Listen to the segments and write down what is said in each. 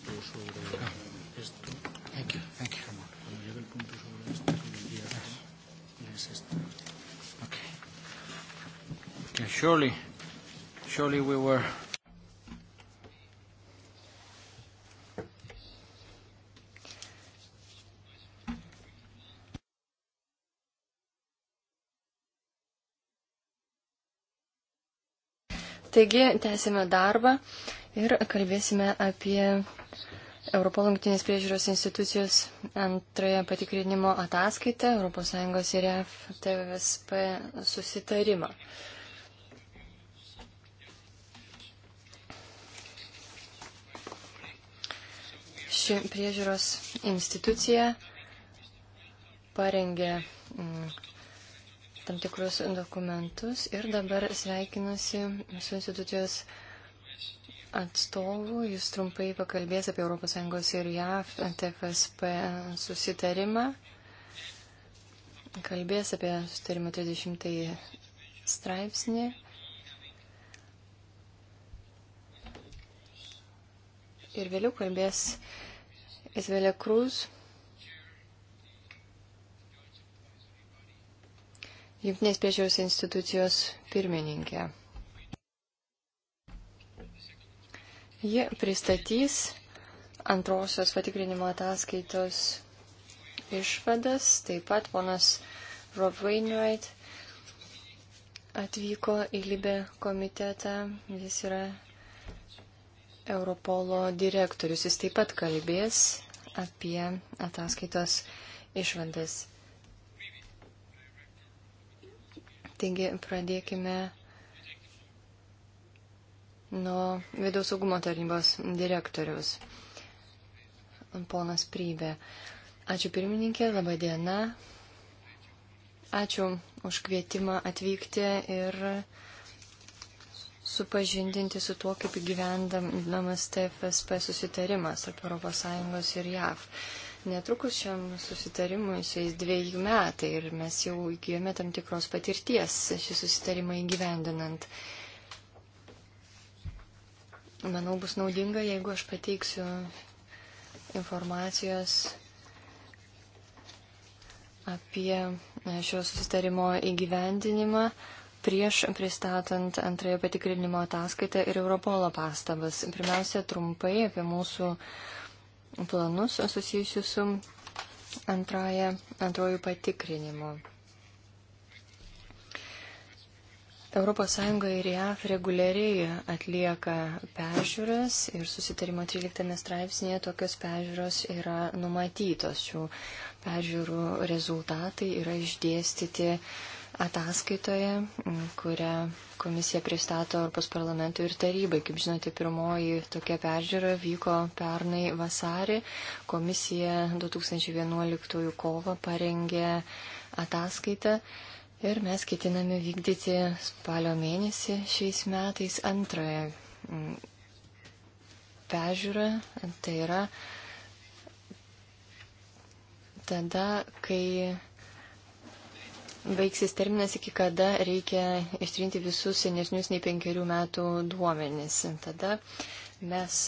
punto sobre esto. Thank you, thank you. Cuando llegue el punto sobre esto, el día es esto. Okay. Okay, surely, surely we were. Taigi, tęsime darbą. Uh, ir kalbėsime apie Europolo jungtinės priežiūros institucijos antrąją patikrinimo ataskaitą ES ir FTSP susitarimą. Ši priežiūros institucija parengė mm, tam tikrus dokumentus ir dabar sveikinusi su institucijos atstovų. Jis trumpai pakalbės apie ES ir JAF TFSP susitarimą. Kalbės apie susitarimo 30 straipsnį. Ir vėliau kalbės Izvelė Krūz. Junktinės priežiūros institucijos pirmininkė. Ji pristatys antrosios patikrinimo ataskaitos išvadas. Taip pat ponas Rob Wainwright atvyko į Libę komitetą. Jis yra Europolo direktorius. Jis taip pat kalbės apie ataskaitos išvadas. Taigi pradėkime nuo vidaus saugumo tarnybos direktorius, ponas Prybė. Ačiū pirmininkė, laba diena. Ačiū už kvietimą atvykti ir supažindinti su tuo, kaip įgyvendamas TFSP susitarimas tarp ES ir JAV. Netrukus šiam susitarimui sueis dviejų metai ir mes jau įgyjome tam tikros patirties šį susitarimą įgyvendinant. Uh, manau, bus naudinga, jeigu aš pateiksiu informacijos apie šio susitarimo įgyvendinimą prieš pristatant antrąją patikrinimo ataskaitą ir Europolo pastabas. Pirmiausia, trumpai apie mūsų planus susijusius su antrąją, antrojų patikrinimu. ES ir JAF reguliariai atlieka peržiūras ir susitarimo 13 straipsnėje tokios peržiūros yra numatytos. Šių peržiūrų rezultatai yra išdėstyti ataskaitoje, kurią komisija pristato Europos parlamentui ir tarybai. Kaip žinote, pirmoji tokia peržiūra vyko pernai vasarį. Komisija 2011 kovo parengė ataskaitą Ir mes ketiname vykdyti spalio mėnesį šiais metais antrąją mm, pežiūrą. Tai yra tada, kai baigsis terminas, iki kada reikia ištrinti visus senesnius nei penkerių metų duomenis. Tada mes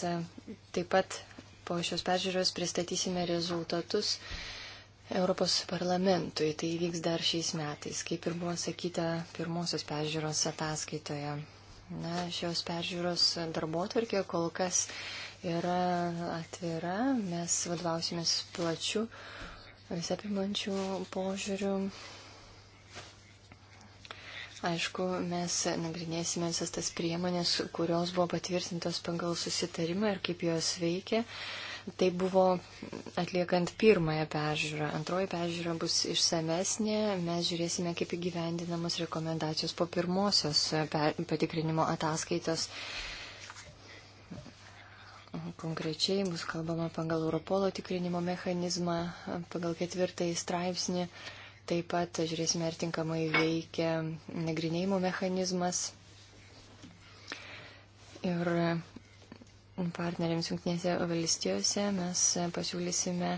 taip pat po šios pežiūros pristatysime rezultatus Europos parlamentui. Tai vyks dar šiais metais, kaip ir buvo sakyta pirmosios peržiūros ataskaitoje. Na, šios peržiūros darbotvarkė kol kas yra atvira, mes vadovausimės plačių, visapimančių požiūrių. Aišku, mes nagrinėsime visas tas priemonės, kurios buvo patvirtintos pagal susitarimą ir kaip jos veikia. Uh, Tai buvo atliekant pirmąją peržiūrą. Antroji peržiūra bus išsamesnė. Mes žiūrėsime, kaip įgyvendinamos rekomendacijos po pirmosios patikrinimo ataskaitos. Konkrečiai bus kalbama pagal Europolo tikrinimo mechanizmą, pagal ketvirtąjį straipsnį. Taip pat žiūrėsime, ar tinkamai veikia nagrinėjimo mechanizmas. Ir partneriams Junktinėse valstijose. Mes e, pasiūlysime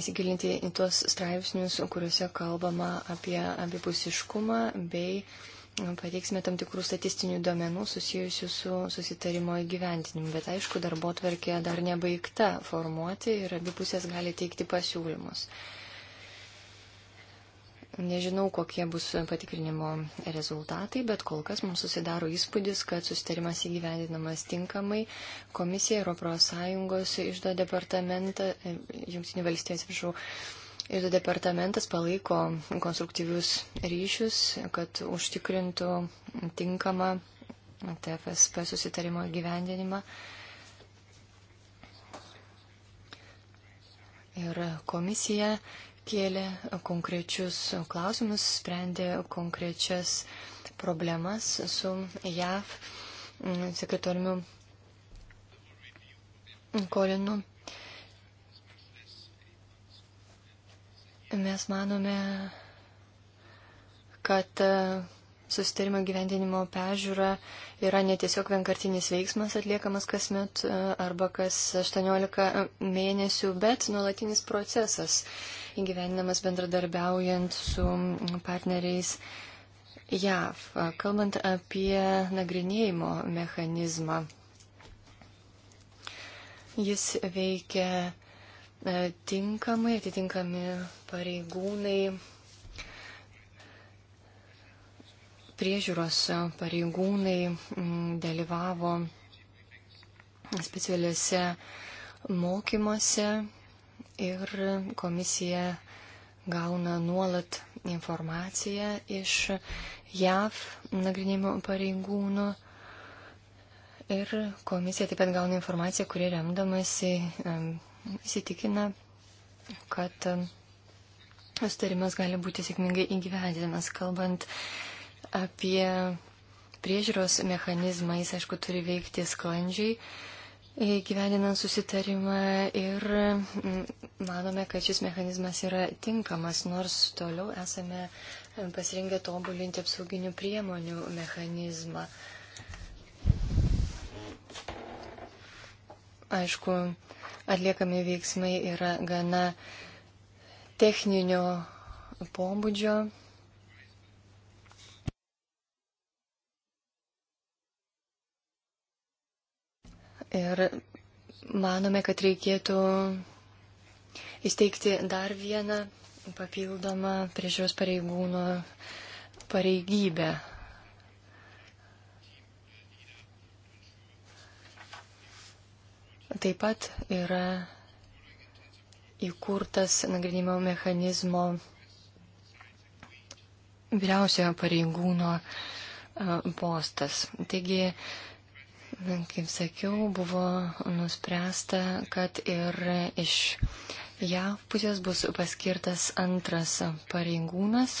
įsigilinti į tuos straipsnius, kuriuose kalbama apie abipusiškumą bei e, pateiksime tam tikrų statistinių duomenų susijusių su susitarimo įgyventinimu. Bet aišku, darbo tvarkė dar nebaigta formuoti ir abi pusės gali teikti pasiūlymus. Nežinau, kokie bus patikrinimo rezultatai, bet kol kas mums susidaro įspūdis, kad susitarimas įgyvendinamas tinkamai. Komisija, Europos Sąjungos išdo departamentą, Junktinių valstijos viršų išdo departamentas palaiko konstruktyvius ryšius, kad užtikrintų tinkamą TFSP susitarimo įgyvendinimą. Ir komisija kėlė konkrečius klausimus, sprendė konkrečias problemas su JAV mm, sekretoriumi Kolinu. Mes manome, kad e, susitarimo gyvendinimo pežiūra yra ne tiesiog vienkartinis veiksmas atliekamas kasmet e, arba kas 18 e, mėnesių, bet nuolatinis procesas įgyveninamas bendradarbiaujant su partneriais JAV. Kalbant apie nagrinėjimo mechanizmą, jis veikia tinkamai, atitinkami pareigūnai priežiūros pareigūnai dalyvavo specialiuose mokymuose ir komisija gauna nuolat informaciją iš JAV nagrinėjimo pareigūnų. Ir komisija taip pat gauna informaciją, kuri remdamasi įsitikina, kad sutarimas gali būti sėkmingai įgyvendinamas. Kalbant apie priežiūros mechanizmą, jis aišku turi veikti sklandžiai gyveninant susitarimą ir mm, manome, kad šis mechanizmas yra tinkamas, nors toliau esame pasirengę tobulinti apsauginių priemonių mechanizmą. Aišku, atliekami veiksmai yra gana techninio pobūdžio, Ir manome, kad reikėtų įsteigti dar vieną papildomą priežiūros pareigūno pareigybę. Taip pat yra įkurtas nagrinimo mechanizmo vyriausiojo pareigūno e, postas. Taigi Kaip sakiau, buvo nuspręsta, kad ir iš JAV pusės bus paskirtas antras pareigūnas.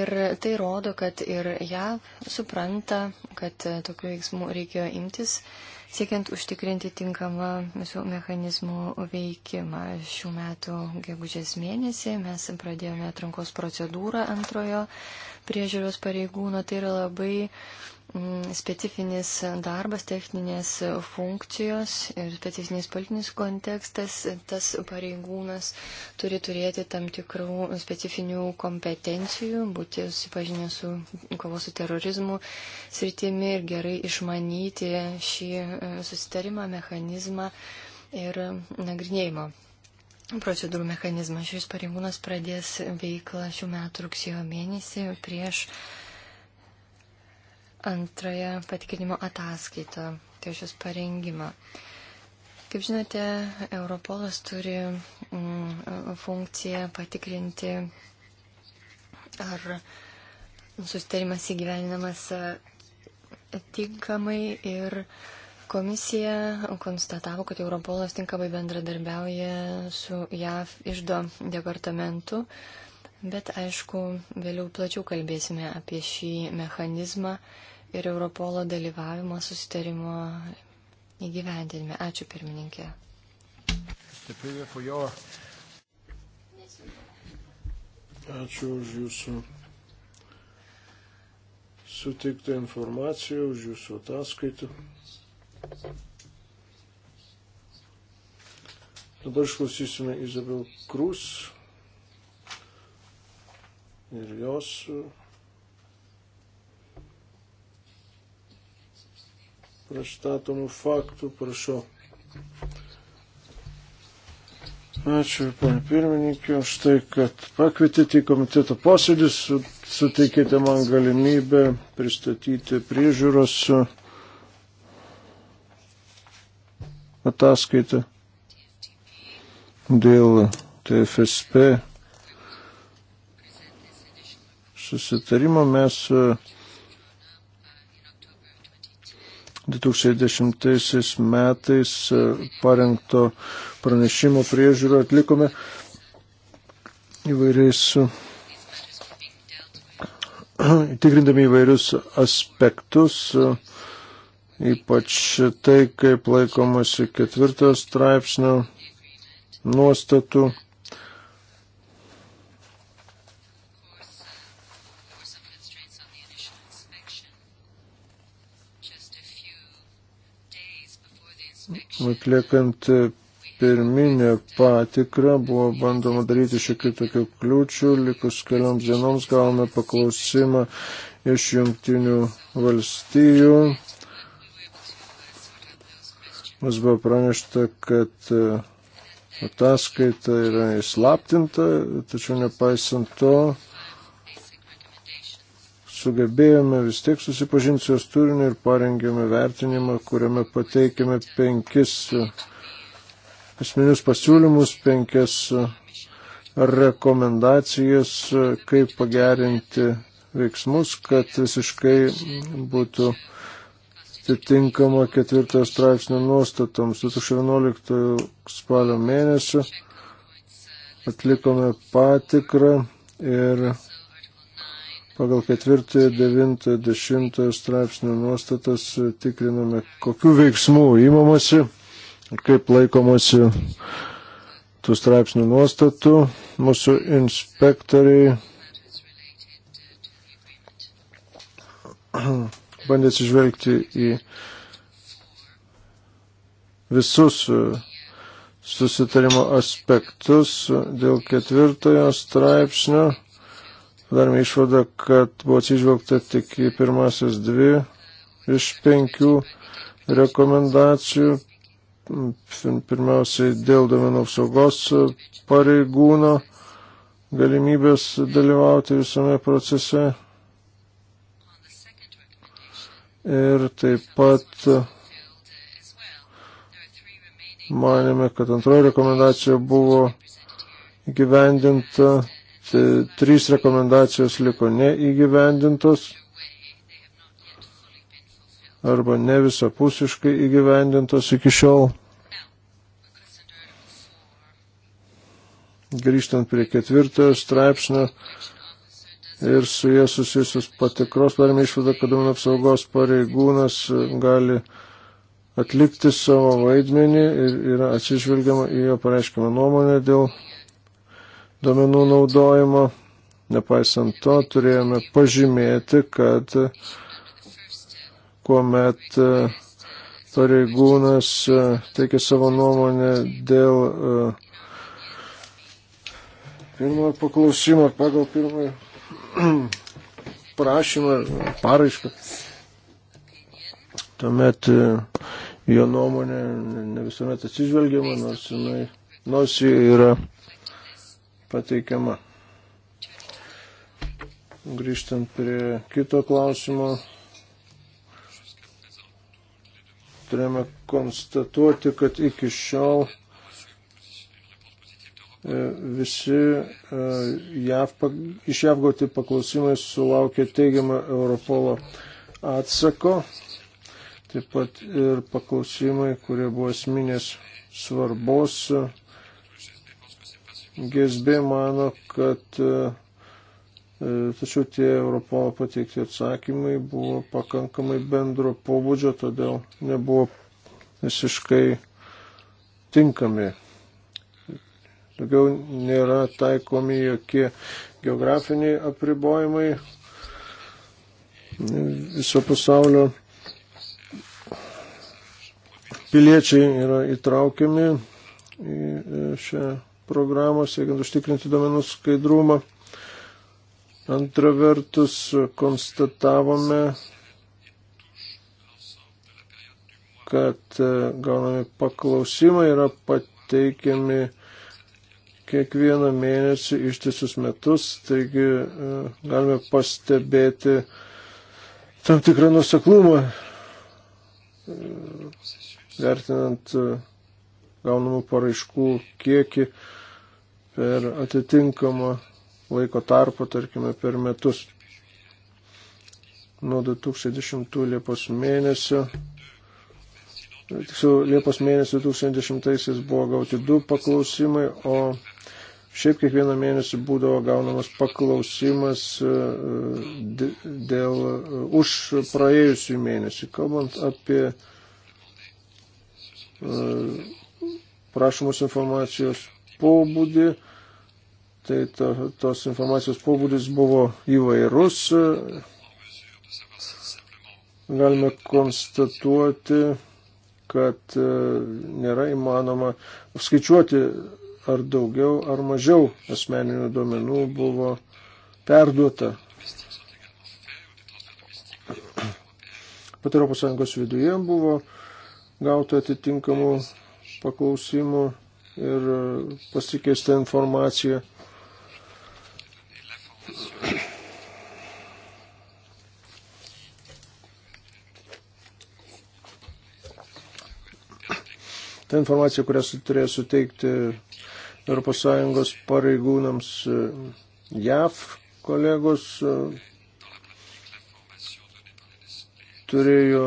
Ir tai rodo, kad ir JAV supranta, kad tokių veiksmų reikėjo imtis. Uh, siekiant užtikrinti tinkamą visų mechanizmų veikimą. Šių metų gegužės mėnesį mes pradėjome atrankos procedūrą antrojo priežiūros pareigūno. Tai yra labai Mm, specifinis darbas, techninės funkcijos ir specifinis politinis kontekstas, tas pareigūnas turi turėti tam tikrų specifinių kompetencijų, būti susipažinęs su kovos su terorizmu sritimi ir gerai išmanyti šį e, susitarimą, mechanizmą ir nagrinėjimo procedūrų mechanizmą. Šis pareigūnas pradės veiklą šių metų rugsėjo mėnesį prieš antrąją patikinimo ataskaitą, tai šios parengimą. Kaip žinote, Europolas turi mm, funkciją patikrinti, ar sustarimas įgyveninamas e, tinkamai ir komisija konstatavo, kad Europolas tinkamai bendradarbiauja su JAV išdo departamentu. Mm, Bet aišku, vėliau plačiau kalbėsime apie šį mechanizmą ir Europolo dalyvavimą susitarimo įgyvendinime. Ačiū pirmininkė. Ačiū už jūsų suteiktą informaciją, už jūsų ataskaitą. Dabar išklausysime Izabel Krus ir jos e, pristatomų faktų, prašau. Ačiū, ponė pirmininkė, už tai, kad pakvietėte į komiteto posėdį, suteikėte man galimybę pristatyti priežiūros e, ataskaitą dėl TFSP susitarimo mes 2010 e, metais e, parengto pranešimo priežiūrą atlikome įvairiais, e, tikrindami įvairius aspektus, ypač tai, kaip laikomasi ketvirtojo straipsnio nuostatų atliekant pirminę patikrą buvo bandoma daryti šiokių tokių kliūčių, likus kelioms dienoms gavome paklausimą iš jungtinių valstijų. Mums buvo pranešta, kad e, ataskaita yra įslaptinta, tačiau nepaisant to sugebėjome vis tiek susipažinti su jos turiniu ir parengėme vertinimą, kuriame pateikėme penkis e, esminius pasiūlymus, penkias e, rekomendacijas, e, kaip pagerinti veiksmus, kad visiškai būtų atitinkama ketvirtojo straipsnio nuostatoms. 2011 spalio mėnesio atlikome patikrą ir pagal ketvirtąją, devintąją, dešimtąją straipsnio nuostatas tikriname, kokiu veiksmu įmamasi ir kaip laikomasi tų straipsnių nuostatų. Mūsų inspektoriai bandė atsižvelgti į visus e, susitarimo aspektus dėl ketvirtojo straipsnio Padarėme išvadą, kad buvo atsižvelgta tik į pirmasis dvi iš penkių rekomendacijų. Pirmiausiai dėl domenų apsaugos pareigūno galimybės dalyvauti visame procese. Ir taip pat manėme, kad antroji rekomendacija buvo gyvendinta E, trys rekomendacijos liko neįgyvendintos arba ne visapusiškai įgyvendintos iki šiol. Grįžtant prie ketvirtojo straipsnio ir su jie susijusius patikros, darome išvadą, kad duomenų apsaugos pareigūnas gali atlikti savo vaidmenį ir yra atsižvelgiama į jo pareiškimą nuomonę dėl duomenų naudojimo. Nepaisant to, turėjome pažymėti, kad kuomet e, pareigūnas e, teikia savo nuomonę dėl e, pirmojo paklausimo pagal pirmojo prašymą, paraišką, tuomet jo nuomonė ne visuomet atsižvelgiama, nors jinai, nors ji yra pateikiama. Grįžtant prie kito klausimo, turėjome konstatuoti, kad iki šiol e, visi e, JAV, iš JAV gauti paklausimai sulaukė teigiamą Europolo atsako, taip pat ir paklausimai, kurie buvo esminės svarbos GSB mano, kad e, e, tačiau tie Europolo pateikti atsakymai buvo pakankamai bendro pobūdžio, todėl nebuvo visiškai tinkami. Daugiau nėra taikomi jokie geografiniai apribojimai viso pasaulio. Piliečiai yra įtraukiami į e, šią programos, siekiant užtikrinti domenų skaidrumą. Antra vertus, konstatavome, kad e, gaunami paklausimai yra pateikiami kiekvieną mėnesį ištisus metus, taigi e, galime pastebėti tam tikrą nuseklumą, e, vertinant gaunamų paraiškų kiekį per atitinkamą laiko tarpą, tarkime, per metus. Nuo 2010 Liepos mėnesio, tiksliau Liepos mėnesio 2010 buvo gauti du paklausimai, o šiaip kiekvieną mėnesį būdavo gaunamas paklausimas e, dėl e, už praėjusių mėnesį. Kalbant apie e, prašomus informacijos pobūdį. Tai to, tos informacijos pobūdis buvo įvairus. Galime konstatuoti, kad e, nėra įmanoma apskaičiuoti, ar daugiau ar mažiau asmeninių duomenų buvo perduota. Pat Europos Sąjungos viduje buvo gauta atitinkamų paklausimų ir pasikeista informacija. Ta informacija, kurią turėjo suteikti ES pareigūnams e, JAV kolegos, e, turėjo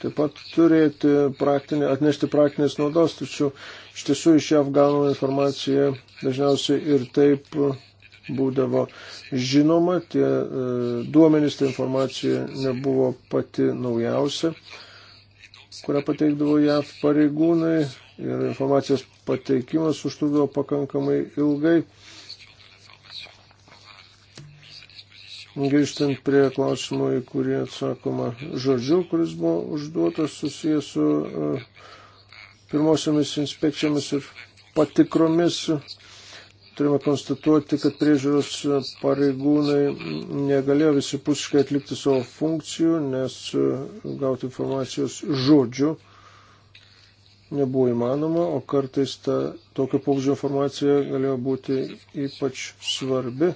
taip pat turėti praktinį, atnešti praktinės naudos, tačiau Iš tiesų iš JAV gaunama informacija dažniausiai ir taip būdavo žinoma, tie e, duomenys, ta informacija nebuvo pati naujausia, kurią pateikdavo JAV pareigūnai ir informacijos pateikimas užtrukdavo tai pakankamai ilgai. Grįžtant prie klausimo, į kurį atsakoma žodžiu, kuris buvo užduotas susijęs su uh, pirmosiomis inspekcijomis ir patikromis. Turime konstatuoti, kad priežiūros pareigūnai negalėjo visipusiškai atlikti savo funkcijų, nes gauti informacijos žodžiu nebuvo įmanoma, o kartais ta tokio pobūdžio informacija galėjo būti ypač svarbi.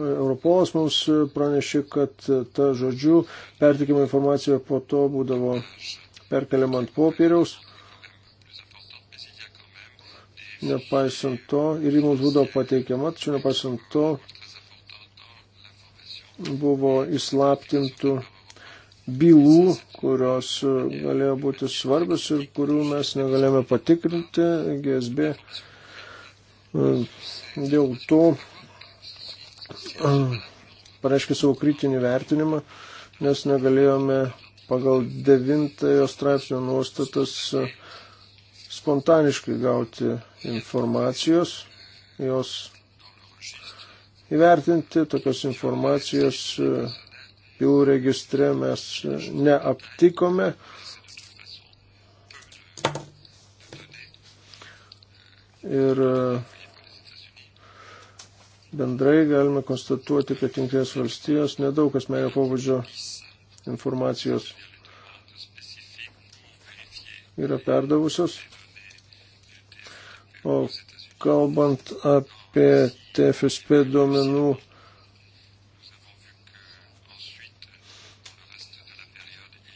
Europolas mums pranešė, kad ta žodžių pertikima informacija po to būdavo perkeliama ant popieriaus. Nepaisant to, ir jį mums būdavo pateikiama, tačiau nepaisant to buvo įslaptintų bylų, kurios e, galėjo būti svarbios ir kurių mes negalėjome patikrinti GSB. E, dėl to e, pareiškia savo kritinį vertinimą, nes negalėjome pagal devintojo straipsnio nuostatas e, spontaniškai gauti informacijos, jos įvertinti, tokios informacijos e, jų registre mes e, neaptikome. Ir bendrai galime konstatuoti, kad Junktinės valstijos nedaug asmenio pobūdžio informacijos yra perdavusios. O kalbant apie TFSP duomenų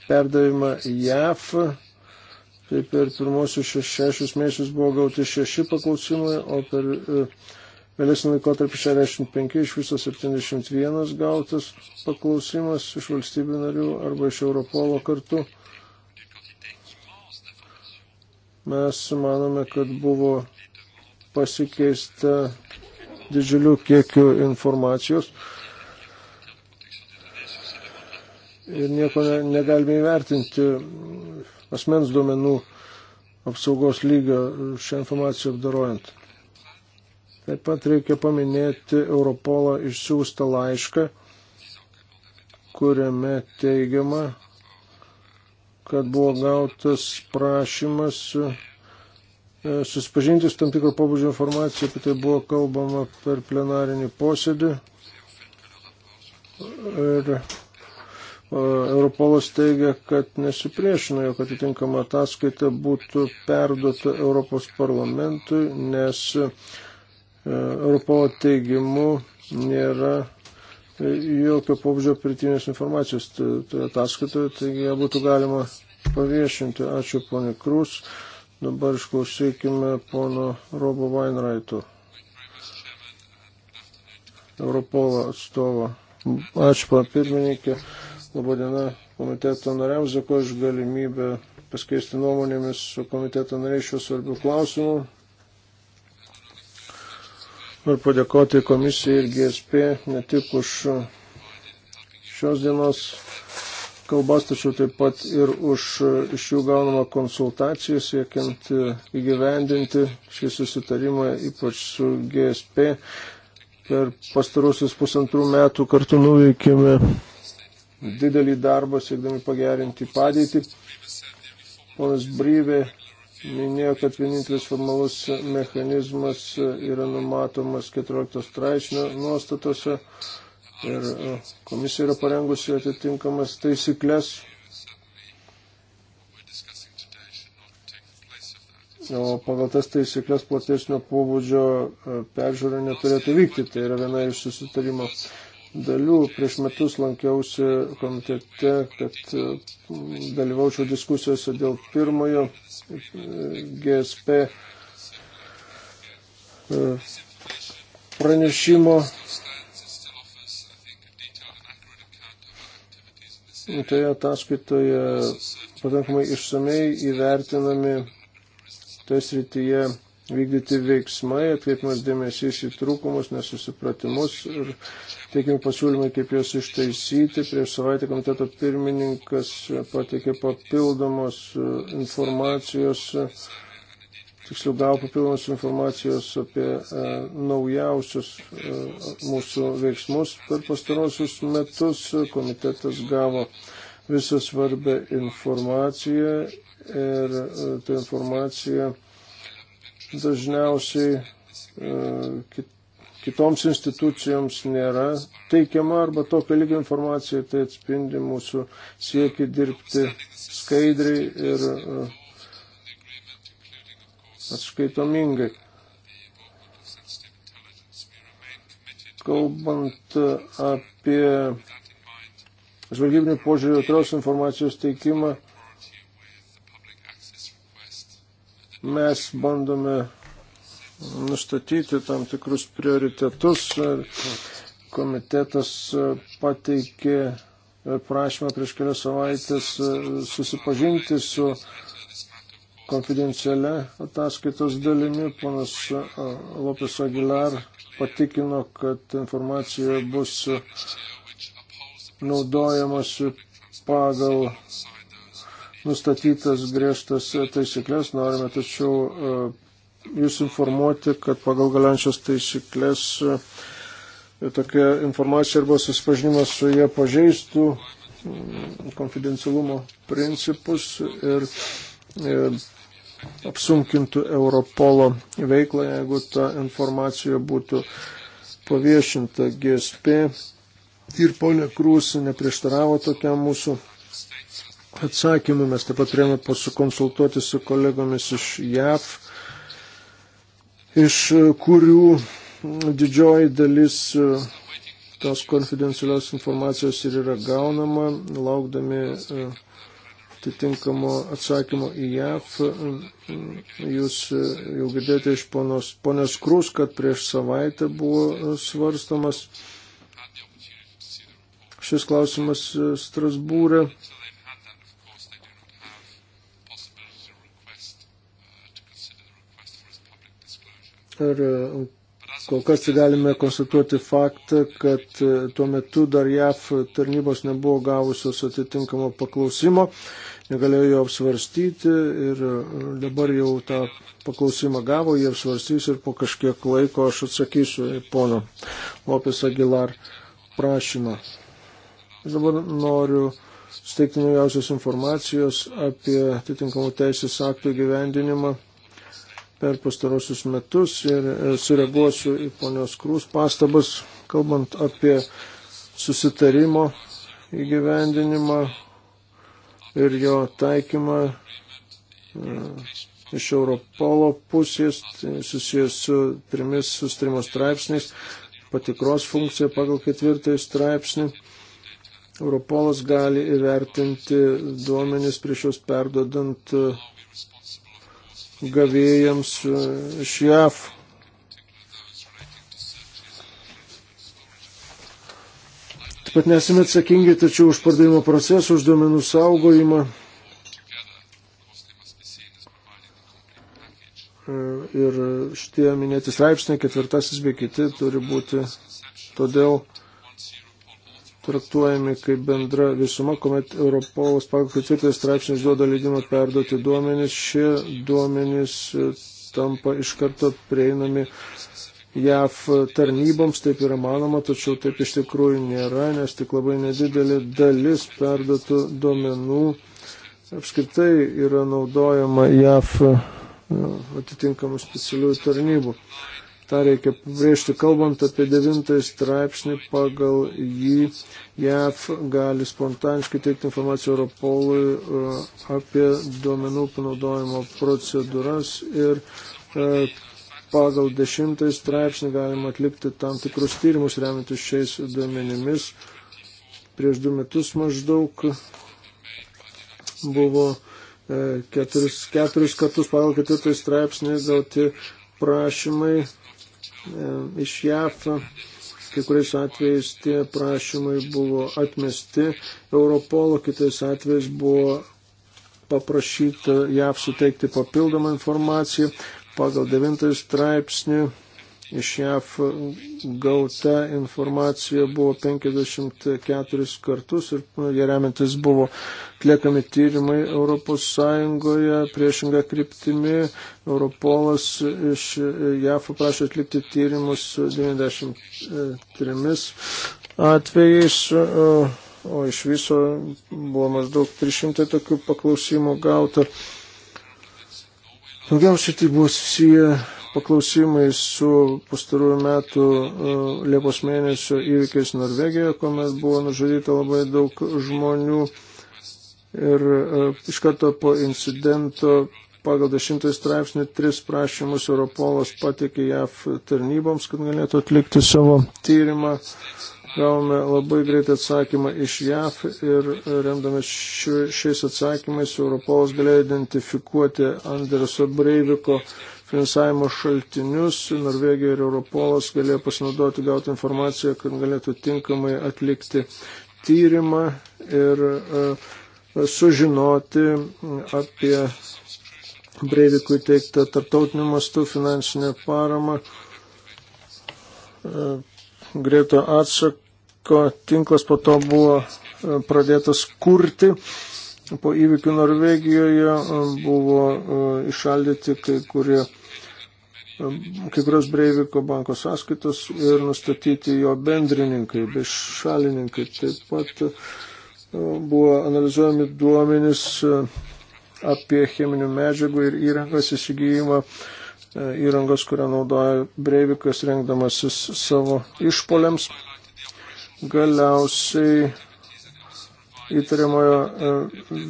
perdavimą JAF, tai per pirmosius šeš, šešius mėnesius buvo gauti šeši paklausimai, o per e, Vėlesnį laikotarpį 65 iš viso 71 gautas paklausimas iš valstybių narių arba iš Europolo kartu. Mes manome, kad buvo pasikeista didžiulių kiekių informacijos ir nieko negalime įvertinti asmens duomenų apsaugos lygio šią informaciją apdarojant. Taip pat reikia paminėti Europolo išsiųstą laišką, kuriame teigiama, kad buvo gautas prašymas e, suspažinti su tam tikro pobūdžio informacija, apie tai buvo kalbama per plenarinį posėdį. Ir e, Europolas teigia, kad nesipriešino, jog atitinkama ataskaita būtų perduota Europos parlamentui, nes Europolo teigimu nėra jokio pobūdžio pritinės informacijos toje ataskaitoje, taigi ją būtų galima paviešinti. Ačiū, ponė Krus. Dabar išklausykime pono Robo Weinreito, Europolo atstovo. Ačiū, pana pirmininkė. Labadiena komiteto nariams, dėkoju už galimybę paskeisti nuomonėmis su komiteto nariais šiuo svarbiu klausimu. Noriu padėkoti komisijai ir GSP ne tik už šios dienos kalbas, tačiau taip pat ir už iš jų gaunamą konsultaciją siekiant įgyvendinti šį susitarimą, ypač su GSP. Per pastarusius pusantrų metų kartu nuveikėme didelį darbą siekdami pagerinti padėtį. Ponas Bryvė minėjo, kad vienintelis formalus mechanizmas yra numatomas 14 straipsnio nuostatose ir e, komisija yra parengusi atitinkamas taisyklės. O pagal tas taisyklės platesnio pobūdžio e, peržiūra neturėtų vykti. Tai yra viena iš susitarimo dalių. Prieš metus lankiausi komitete, kad mm, dalyvaučiau diskusijose dėl pirmojo e, GSP e, pranešimo. Toje ataskaitoje pakankamai išsamei įvertinami toje srityje vykdyti veiksmai, atkreipimas dėmesys į trūkumus, nesusipratimus ir teikiami pasiūlymai, kaip juos ištaisyti. Prieš savaitę komiteto pirmininkas pateikė papildomos e, informacijos, e, tiksliau gavo papildomos informacijos apie e, naujausius e, mūsų veiksmus per pastarosius metus. Komitetas gavo visą svarbę informaciją ir e, ta informacija dažniausiai e, kit, kitoms institucijoms nėra teikiama arba tokio lygio informacija, tai atspindi mūsų siekį dirbti skaidriai ir uh, atskaitomingai. Kalbant uh, apie žvalgybinį požiūrį jautrios informacijos teikimą, mes bandome nustatyti tam tikrus prioritetus. Komitetas pateikė prašymą prieš kelias savaitės susipažinti su konfidencialia ataskaitos dalimi. Ponas Lopes Aguilar patikino, kad informacija bus naudojamasi pagal nustatytas griežtas taisyklės. Norime tačiau jūs informuoti, kad pagal galiančios taisyklės e, tokia informacija arba susipažinimas su jie pažeistų mm, konfidencialumo principus ir, ir e, apsunkintų Europolo veiklą, jeigu ta informacija būtų paviešinta GSP. Ir ponė Krūs neprieštaravo tokiam mūsų atsakymui. Mes taip pat turėjome pasikonsultuoti su kolegomis iš JAV iš kurių didžioji dalis e, tos konfidencialios informacijos ir yra gaunama, laukdami e, atitinkamo atsakymo į JAF. Jūs e, jau girdėjote iš ponos, ponės Krus, kad prieš savaitę buvo svarstomas šis klausimas Strasbūrė. E. Ir kol kas galime konstatuoti faktą, kad e, tuo metu dar JAF tarnybos nebuvo gavusios atitinkamo paklausimo, negalėjo jo apsvarstyti ir e, dabar jau tą paklausimą gavo, jie apsvarstys ir po kažkiek laiko aš atsakysiu į pono Lopes Agilar prašymą. Aš dabar noriu steigti naujausios informacijos apie atitinkamų teisės aktų gyvendinimą per pastarosius metus ir e, sureaguosiu į ponios Krūs pastabas, kalbant apie susitarimo įgyvendinimą ir jo taikymą e, iš Europolo pusės tai susijęs su trimis sustarimo straipsniais, patikros funkcija pagal ketvirtąjį straipsnį. Europolas gali įvertinti duomenis prieš juos perdodant gavėjams e, iš JAV. Taip pat nesame atsakingi, tačiau už pardavimo procesą, už duomenų saugojimą. E, ir šitie minėti straipsniai, ketvirtasis bei kiti, turi būti todėl traktuojami kaip bendra visuma, kuomet Europos pagal ketvirtas straipsnis duoda leidimą perduoti duomenis. Šie duomenys e, tampa iš karto prieinami JAF tarnyboms, taip yra manoma, tačiau taip iš tikrųjų nėra, nes tik labai nedidelė dalis perduotų duomenų apskritai yra naudojama JAF e, atitinkamų specialiųjų tarnybų tą reikia pabrėžti, kalbant apie devintąjį straipsnį, pagal jį JAF gali spontaniškai teikti informaciją Europolui uh, apie duomenų panaudojimo procedūras ir uh, pagal dešimtąjį straipsnį galima atlikti tam tikrus tyrimus remiantis šiais duomenimis. Prieš du metus maždaug buvo uh, keturis, keturis kartus pagal ketvirtąjį straipsnį gauti prašymai E, iš JAF. Kai kuriais atvejais tie prašymai buvo atmesti Europolo, kitais atvejais buvo paprašyta JAF suteikti papildomą informaciją. Pagal 9 straipsnį iš JAF gauta informacija buvo 54 kartus ir geriamintis buvo atliekami tyrimai ES priešinga kryptimi. Europolas iš JAF prašė atlikti tyrimus 93 atvejais. O iš viso buvo maždaug 300 tokių paklausimų gauta. Daugiausiai tai buvo susiję paklausimai su pastarųjų metų e, Liepos mėnesio įvykiais Norvegijoje, kuomet buvo nužudyta labai daug žmonių. Ir e, iš karto po incidento pagal 10 straipsnį tris prašymus Europolas patikė JAF tarnyboms, kad galėtų atlikti savo tyrimą. Gavome labai greitą atsakymą iš JAF ir e, remdamės šiais atsakymais Europolas galėjo identifikuoti Anderso Breiviko finansavimo šaltinius. Norvegija ir Europolas galėjo pasinaudoti gauti informaciją, kad galėtų tinkamai atlikti tyrimą ir e, sužinoti apie Breivikui teiktą tarptautinių mastų finansinę paramą. E, greito atsako tinklas po to buvo e, pradėtas kurti. Po įvykių Norvegijoje buvo išaldyti kai kurie kai kurios Breiviko banko sąskaitos ir nustatyti jo bendrininkai bei šalininkai. Taip pat e, buvo analizuojami duomenys e, apie cheminių medžiagų ir įrangos įsigijimą, e, įrangos, kurią naudoja Breivikas rengdamasis savo išpoliams. Galiausiai įtariamojo e,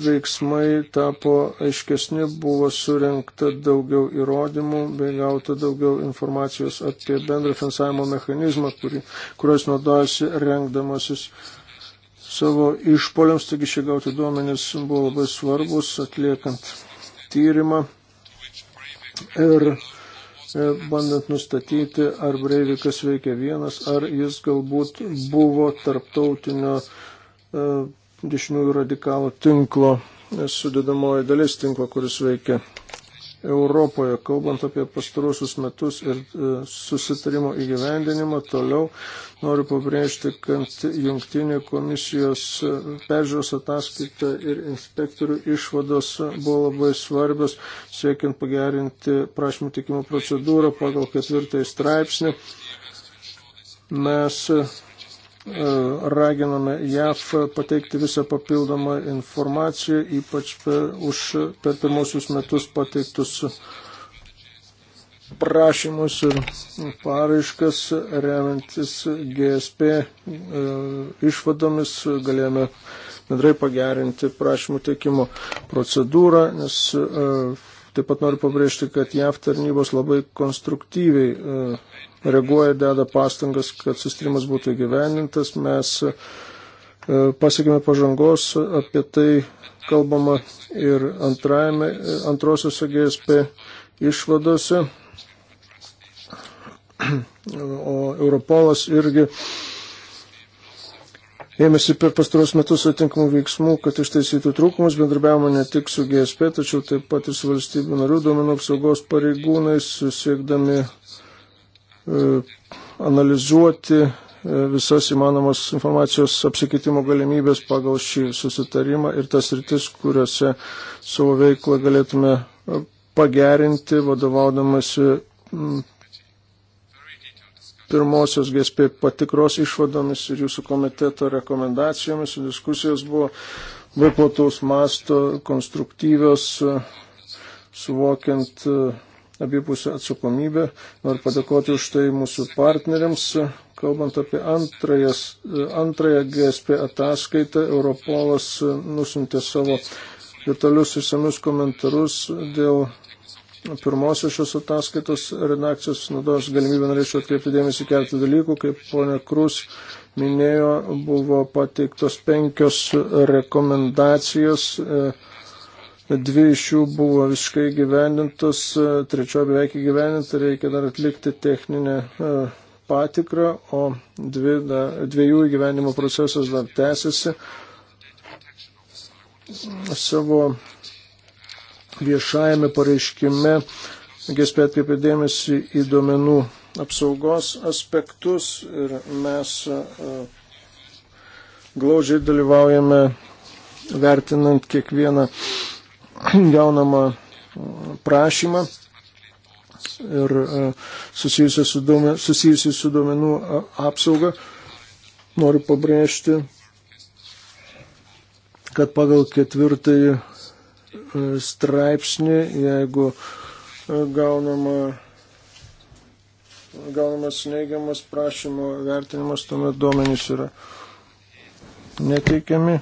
veiksmai tapo aiškesni, buvo surinkta daugiau įrodymų bei gauta daugiau informacijos apie bendrą finansavimo mechanizmą, kurį, kurios naudojasi rengdamasis savo išpoliams, taigi šie gauti duomenys buvo labai svarbus atliekant tyrimą ir e, bandant nustatyti, ar Breivikas veikia vienas, ar jis galbūt buvo tarptautinio e, dešiniųjų radikalų tinklo sudėdamoji dalis tinklo, kuris veikia Europoje, kalbant apie pastarosius metus ir e, susitarimo įgyvendinimą, toliau noriu pabrėžti, kad jungtinė komisijos e, peržiūros ataskaita ir inspektorių išvados buvo labai svarbios, siekiant pagerinti prašymų tikimo procedūrą pagal ketvirtąjį straipsnį. Mes e, E, raginame JAF pateikti visą papildomą informaciją, ypač per, už, per pirmosius metus pateiktus prašymus ir paraiškas remiantis GSP e, išvadomis galėjome bendrai pagerinti prašymų teikimo procedūrą, nes e, Taip pat noriu pabrėžti, kad JAV tarnybos labai konstruktyviai e, reaguoja, deda pastangas, kad sustrimas būtų įgyvenintas. Mes e, pasiekime pažangos, apie tai kalbama ir antrajame, e, antrosios GSP išvadose. O Europolas irgi uh, ėmėsi per pastaros metus atinkamų veiksmų, kad ištaisytų trūkumus, bendrabiavimo ne tik su GSP, tačiau taip pat ir su valstybių narių duomenų apsaugos pareigūnais, siekdami e, analizuoti e, visas įmanomas informacijos apsikeitimo galimybės pagal šį susitarimą ir tas rytis, kuriuose savo veiklą galėtume e, pagerinti, vadovaudamasi pirmosios GSP patikros išvadomis ir jūsų komiteto rekomendacijomis. Diskusijos buvo, buvo plataus masto, konstruktyvios, suvokiant e, abipusę atsakomybę. Noriu padėkoti už tai mūsų partneriams. Kalbant apie antrajas, e, antrąją GSP ataskaitą, Europolas e, nusintė savo detalius įsamius komentarus dėl pirmosios šios ataskaitos redakcijos naudos galimybę norėčiau atkreipti dėmesį keletą dalykų. Kaip ponia Krus minėjo, buvo pateiktos penkios rekomendacijos. E, dvi iš jų buvo visiškai gyvenintos, e, trečioji beveik gyveninta, reikia dar atlikti techninę e, patikrą, o dvi, da, dviejų gyvenimo procesas dar tęsiasi. Savo viešajame pareiškime GSP atkreipė dėmesį į duomenų apsaugos aspektus ir mes e, glaudžiai dalyvaujame vertinant kiekvieną gaunamą e, prašymą ir e, susijusiu su, duomen, susijusiu su duomenų apsauga. Noriu pabrėžti, kad pagal ketvirtąjį straipsnį, jeigu gaunama, gaunamas neigiamas prašymo vertinimas, tuomet duomenys yra neteikiami.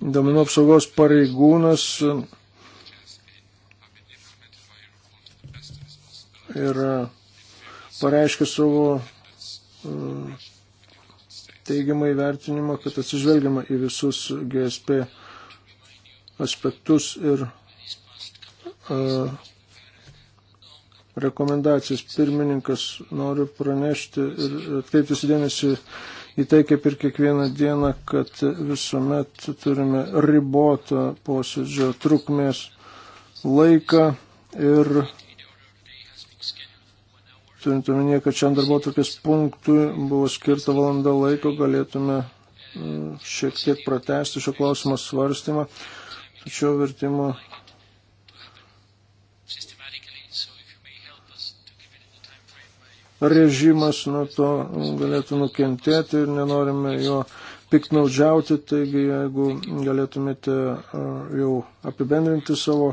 Domino apsaugos pareigūnas yra pareiškė savo mm, teigiamą įvertinimą, kad atsižvelgiama į visus GSP aspektus ir a, rekomendacijas. Pirmininkas noriu pranešti ir atkreiptis dėmesį į tai, kaip ir kiekvieną dieną, kad visuomet turime ribotą posėdžio trukmės laiką ir turint omenyje, kad šiandien darbo tokias punktui buvo skirta valanda laiko, galėtume mm, šiek tiek pratesti šio klausimo svarstymą, tačiau vertimo. Režimas nuo to galėtų nukentėti ir nenorime jo piknaudžiauti, taigi jeigu galėtumėte mm, jau apibendrinti savo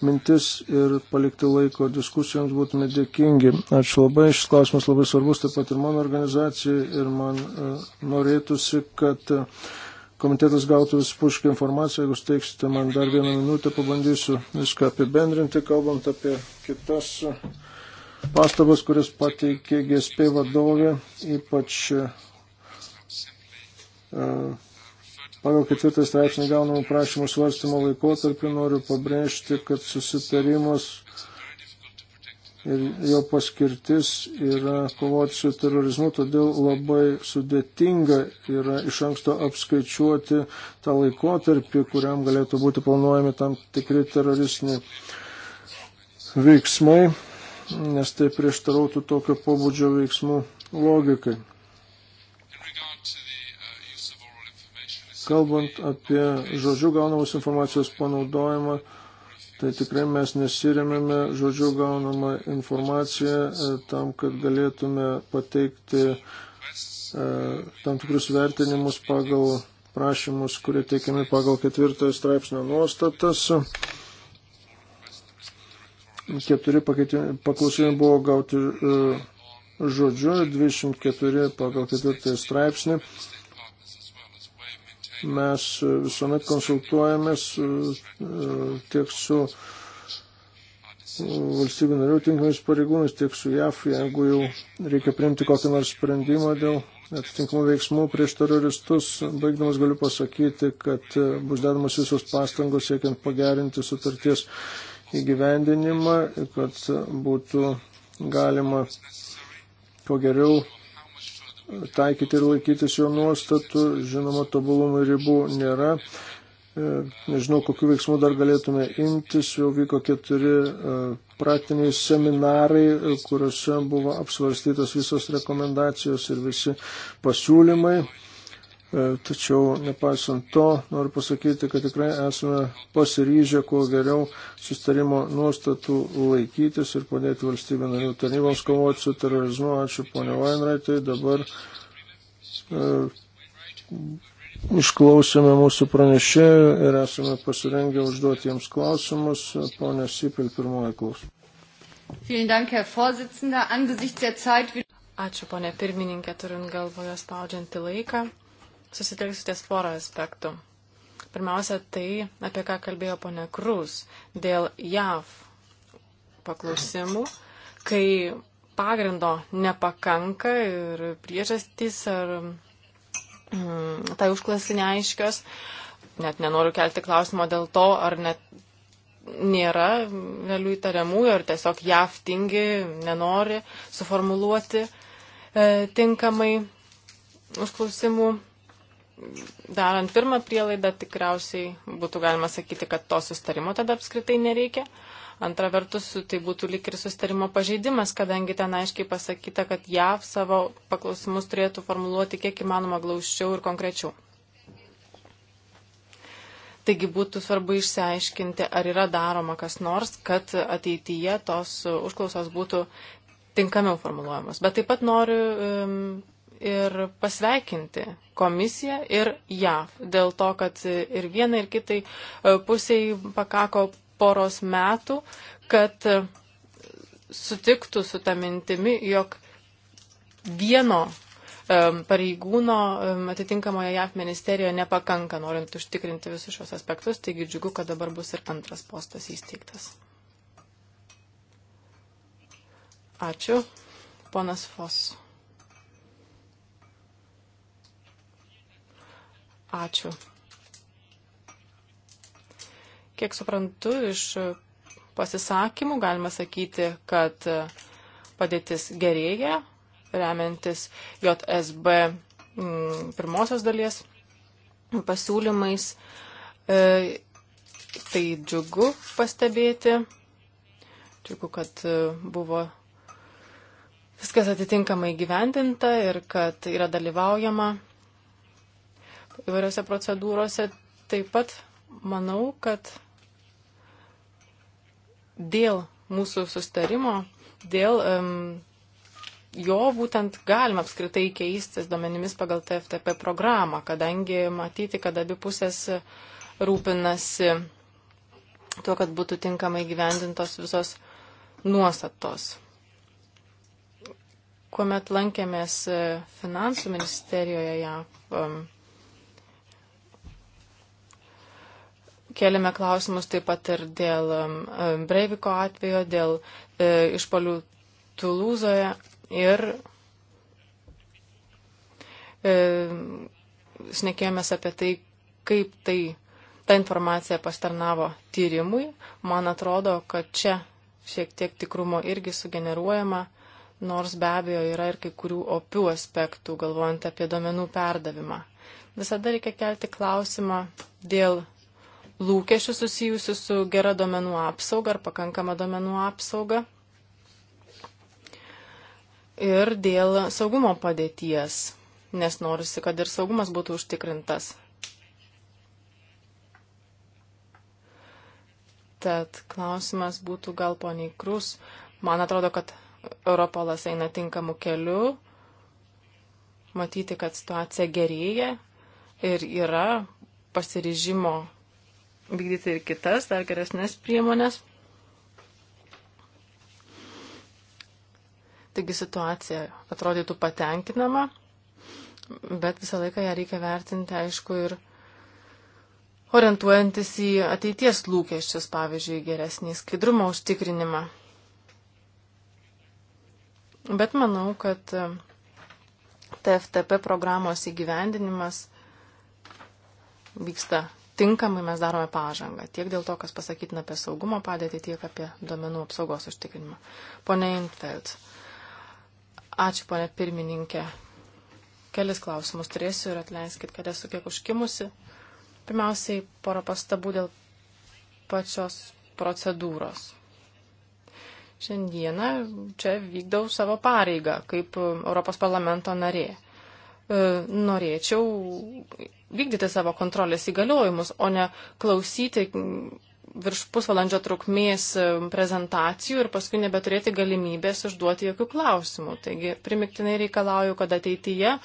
mintis ir palikti laiko diskusijoms būtume dėkingi. Ačiū labai, šis klausimas labai svarbus taip pat ir mano organizacijai ir man e, norėtųsi, kad e, komitetas gautų vispuškį informaciją, jeigu steiksite man dar vieną minutę, pabandysiu viską apibendrinti, kalbant apie kitas e, pastabas, kuris pateikė GSP vadovė, ypač uh, Pagal ketvirtą straipsnį gaunamų prašymų svarstymo laikotarpį noriu pabrėžti, kad susitarimus ir jo paskirtis yra kovoti su terorizmu, todėl labai sudėtinga yra iš anksto apskaičiuoti tą laikotarpį, kuriam galėtų būti planuojami tam tikri teroristiniai veiksmai, nes tai prieštarautų tokio pobūdžio veiksmų logikai. Kalbant apie žodžių gaunamos informacijos panaudojimą, tai tikrai mes nesiremėme žodžių gaunamą informaciją e, tam, kad galėtume pateikti e, tam tikrus vertinimus pagal prašymus, kurie teikiami pagal ketvirtojo straipsnio nuostatas. Keturi paklausimai buvo gauti e, žodžiu, 24 pagal ketvirtąjį straipsnį. Mes visuomet konsultuojamės e, tiek su e, valstybių narių tinkamais pareigūnais, tiek su JAF, jeigu jau reikia priimti kokį nors sprendimą dėl atitinkamų veiksmų prieš teroristus. Baigdamas galiu pasakyti, kad e, bus dedamas visos pastangos siekiant pagerinti sutarties įgyvendinimą, kad būtų galima kuo geriau taikyti ir laikytis jo nuostatų, žinoma, tobulumų ribų nėra. E, nežinau, kokiu veiksmu dar galėtume imtis, jau vyko keturi e, praktiniai seminarai, e, kuriuose buvo apsvarstytos visos rekomendacijos ir visi pasiūlymai. E, tačiau nepaisant to, noriu pasakyti, kad tikrai esame pasiryžę kuo geriau sustarimo nuostatų laikytis ir padėti valstybė narių tarnyboms kovoti su terorizmu. Ačiū ponia Vainraitai. Dabar e, išklausėme mūsų pranešėjų ir esame pasirengę užduoti jiems klausimus. Pone Sipil, pirmoji klausimas. Ačiū, ponė pirmininkė, turint galvoje spaudžiantį laiką susitelksiu ties porą aspektų. Pirmiausia, tai, apie ką kalbėjo ponė Krus, dėl JAV paklausimų, kai pagrindo nepakanka ir priežastys ar mm, tai užklasi neaiškios, net nenoriu kelti klausimo dėl to, ar net nėra realių įtariamųjų, ar tiesiog JAV tingi, nenori suformuluoti e, tinkamai užklausimų darant pirmą prielaidą, tikriausiai būtų galima sakyti, kad to sustarimo tada apskritai nereikia. Antra vertus, tai būtų lik ir sustarimo pažeidimas, kadangi ten aiškiai pasakyta, kad JAV savo paklausimus turėtų formuluoti kiek įmanoma glaučiau ir konkrečiau. Taigi būtų svarbu išsiaiškinti, ar yra daroma kas nors, kad ateityje tos užklausos būtų tinkamiau formuluojamos. Bet taip pat noriu um, ir pasveikinti komisiją ir JAV dėl to, kad ir vienai, ir kitai e, pusiai pakako poros metų, kad sutiktų su tą mintimi, jog vieno e, pareigūno e, atitinkamoje JAF ministerijoje nepakanka, norint užtikrinti visus šios aspektus, taigi džiugu, kad dabar bus ir antras postas įsteigtas. Ačiū. Ponas Fos. Ačiū. Kiek suprantu, iš pasisakymų galima sakyti, kad padėtis gerėja, remiantis JSB mm, pirmosios dalies pasiūlymais. E, tai džiugu pastebėti. Džiugu, kad e, buvo viskas atitinkamai gyvendinta ir kad yra dalyvaujama įvairiose procedūrose. Taip pat manau, kad dėl mūsų sustarimo, dėl um, jo būtent galima apskritai keistis duomenimis pagal TFTP programą, kadangi matyti, kad abi pusės rūpinasi tuo, kad būtų tinkamai gyvendintos visos nuostatos. Kuomet lankėmės e, finansų ministerijoje, ja, um, kėlėme klausimus taip pat ir dėl um, um, Breiviko atvejo, dėl e, išpolių Tulūzoje ir e, šnekėjomės apie tai, kaip tai, ta informacija pastarnavo tyrimui. Man atrodo, kad čia šiek tiek tikrumo irgi sugeneruojama, nors be abejo yra ir kai kurių opių aspektų, galvojant apie duomenų perdavimą. Visada reikia kelti klausimą dėl lūkesčių susijusių su gera domenų apsauga ar pakankama domenų apsauga ir dėl saugumo padėties, nes norisi, kad ir saugumas būtų užtikrintas. Tad klausimas būtų gal poniai Krus. Man atrodo, kad Europolas eina tinkamu keliu. Matyti, kad situacija gerėja ir yra pasiryžimo vykdyti ir kitas, dar geresnės priemonės. Taigi situacija atrodytų patenkinama, bet visą laiką ją reikia vertinti, aišku, ir orientuojantis į ateities lūkesčius, pavyzdžiui, geresnį skaidrumą užtikrinimą. Bet manau, kad TFTP programos įgyvendinimas vyksta tinkamai mes darome pažangą. Tiek dėl to, kas pasakytina apie saugumo padėtį, tiek apie duomenų apsaugos užtikrinimą. Pone Infeld, ačiū pone pirmininkė. Kelis klausimus turėsiu ir atleiskit, kad esu kiek užkimusi. Pirmiausiai, poro pastabų dėl pačios procedūros. Šiandieną čia vykdau savo pareigą kaip Europos parlamento narė. E, norėčiau vykdyti savo kontrolės įgaliojimus, o ne klausyti virš pusvalandžio trukmės e, prezentacijų ir paskui nebeturėti galimybės užduoti jokių klausimų. Taigi primiktinai reikalauju, kad ateityje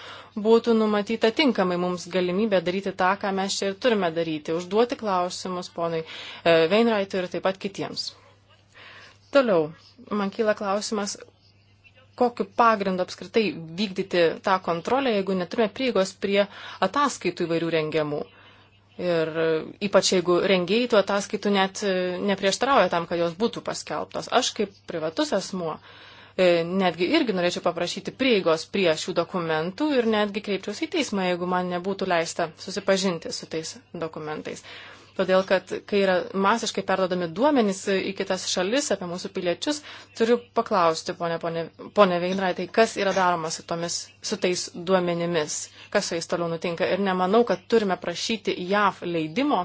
būtų numatyta tinkamai mums galimybė daryti tą, ką mes čia ir turime daryti - užduoti klausimus ponai Veinraitui e, ir taip pat kitiems. Toliau, man kyla klausimas, kokiu pagrindu apskritai vykdyti tą kontrolę, jeigu neturime prieigos prie ataskaitų įvairių rengiamų. Ir e, ypač jeigu rengėjai tų ataskaitų net e, neprieštarauja tam, kad jos būtų paskelbtos. Aš kaip privatus asmuo e, netgi irgi norėčiau paprašyti prieigos prie šių dokumentų ir netgi kreipčiausi į teismą, jeigu man nebūtų leista susipažinti su tais dokumentais. Todėl, kad kai yra masiškai perdodami duomenys į kitas šalis apie mūsų piliečius, turiu paklausti, ponė, ponė, ponė Veindrai, tai kas yra daroma su, tomis, su tais duomenimis, kas su jais toliau nutinka. Ir nemanau, kad turime prašyti JAV leidimo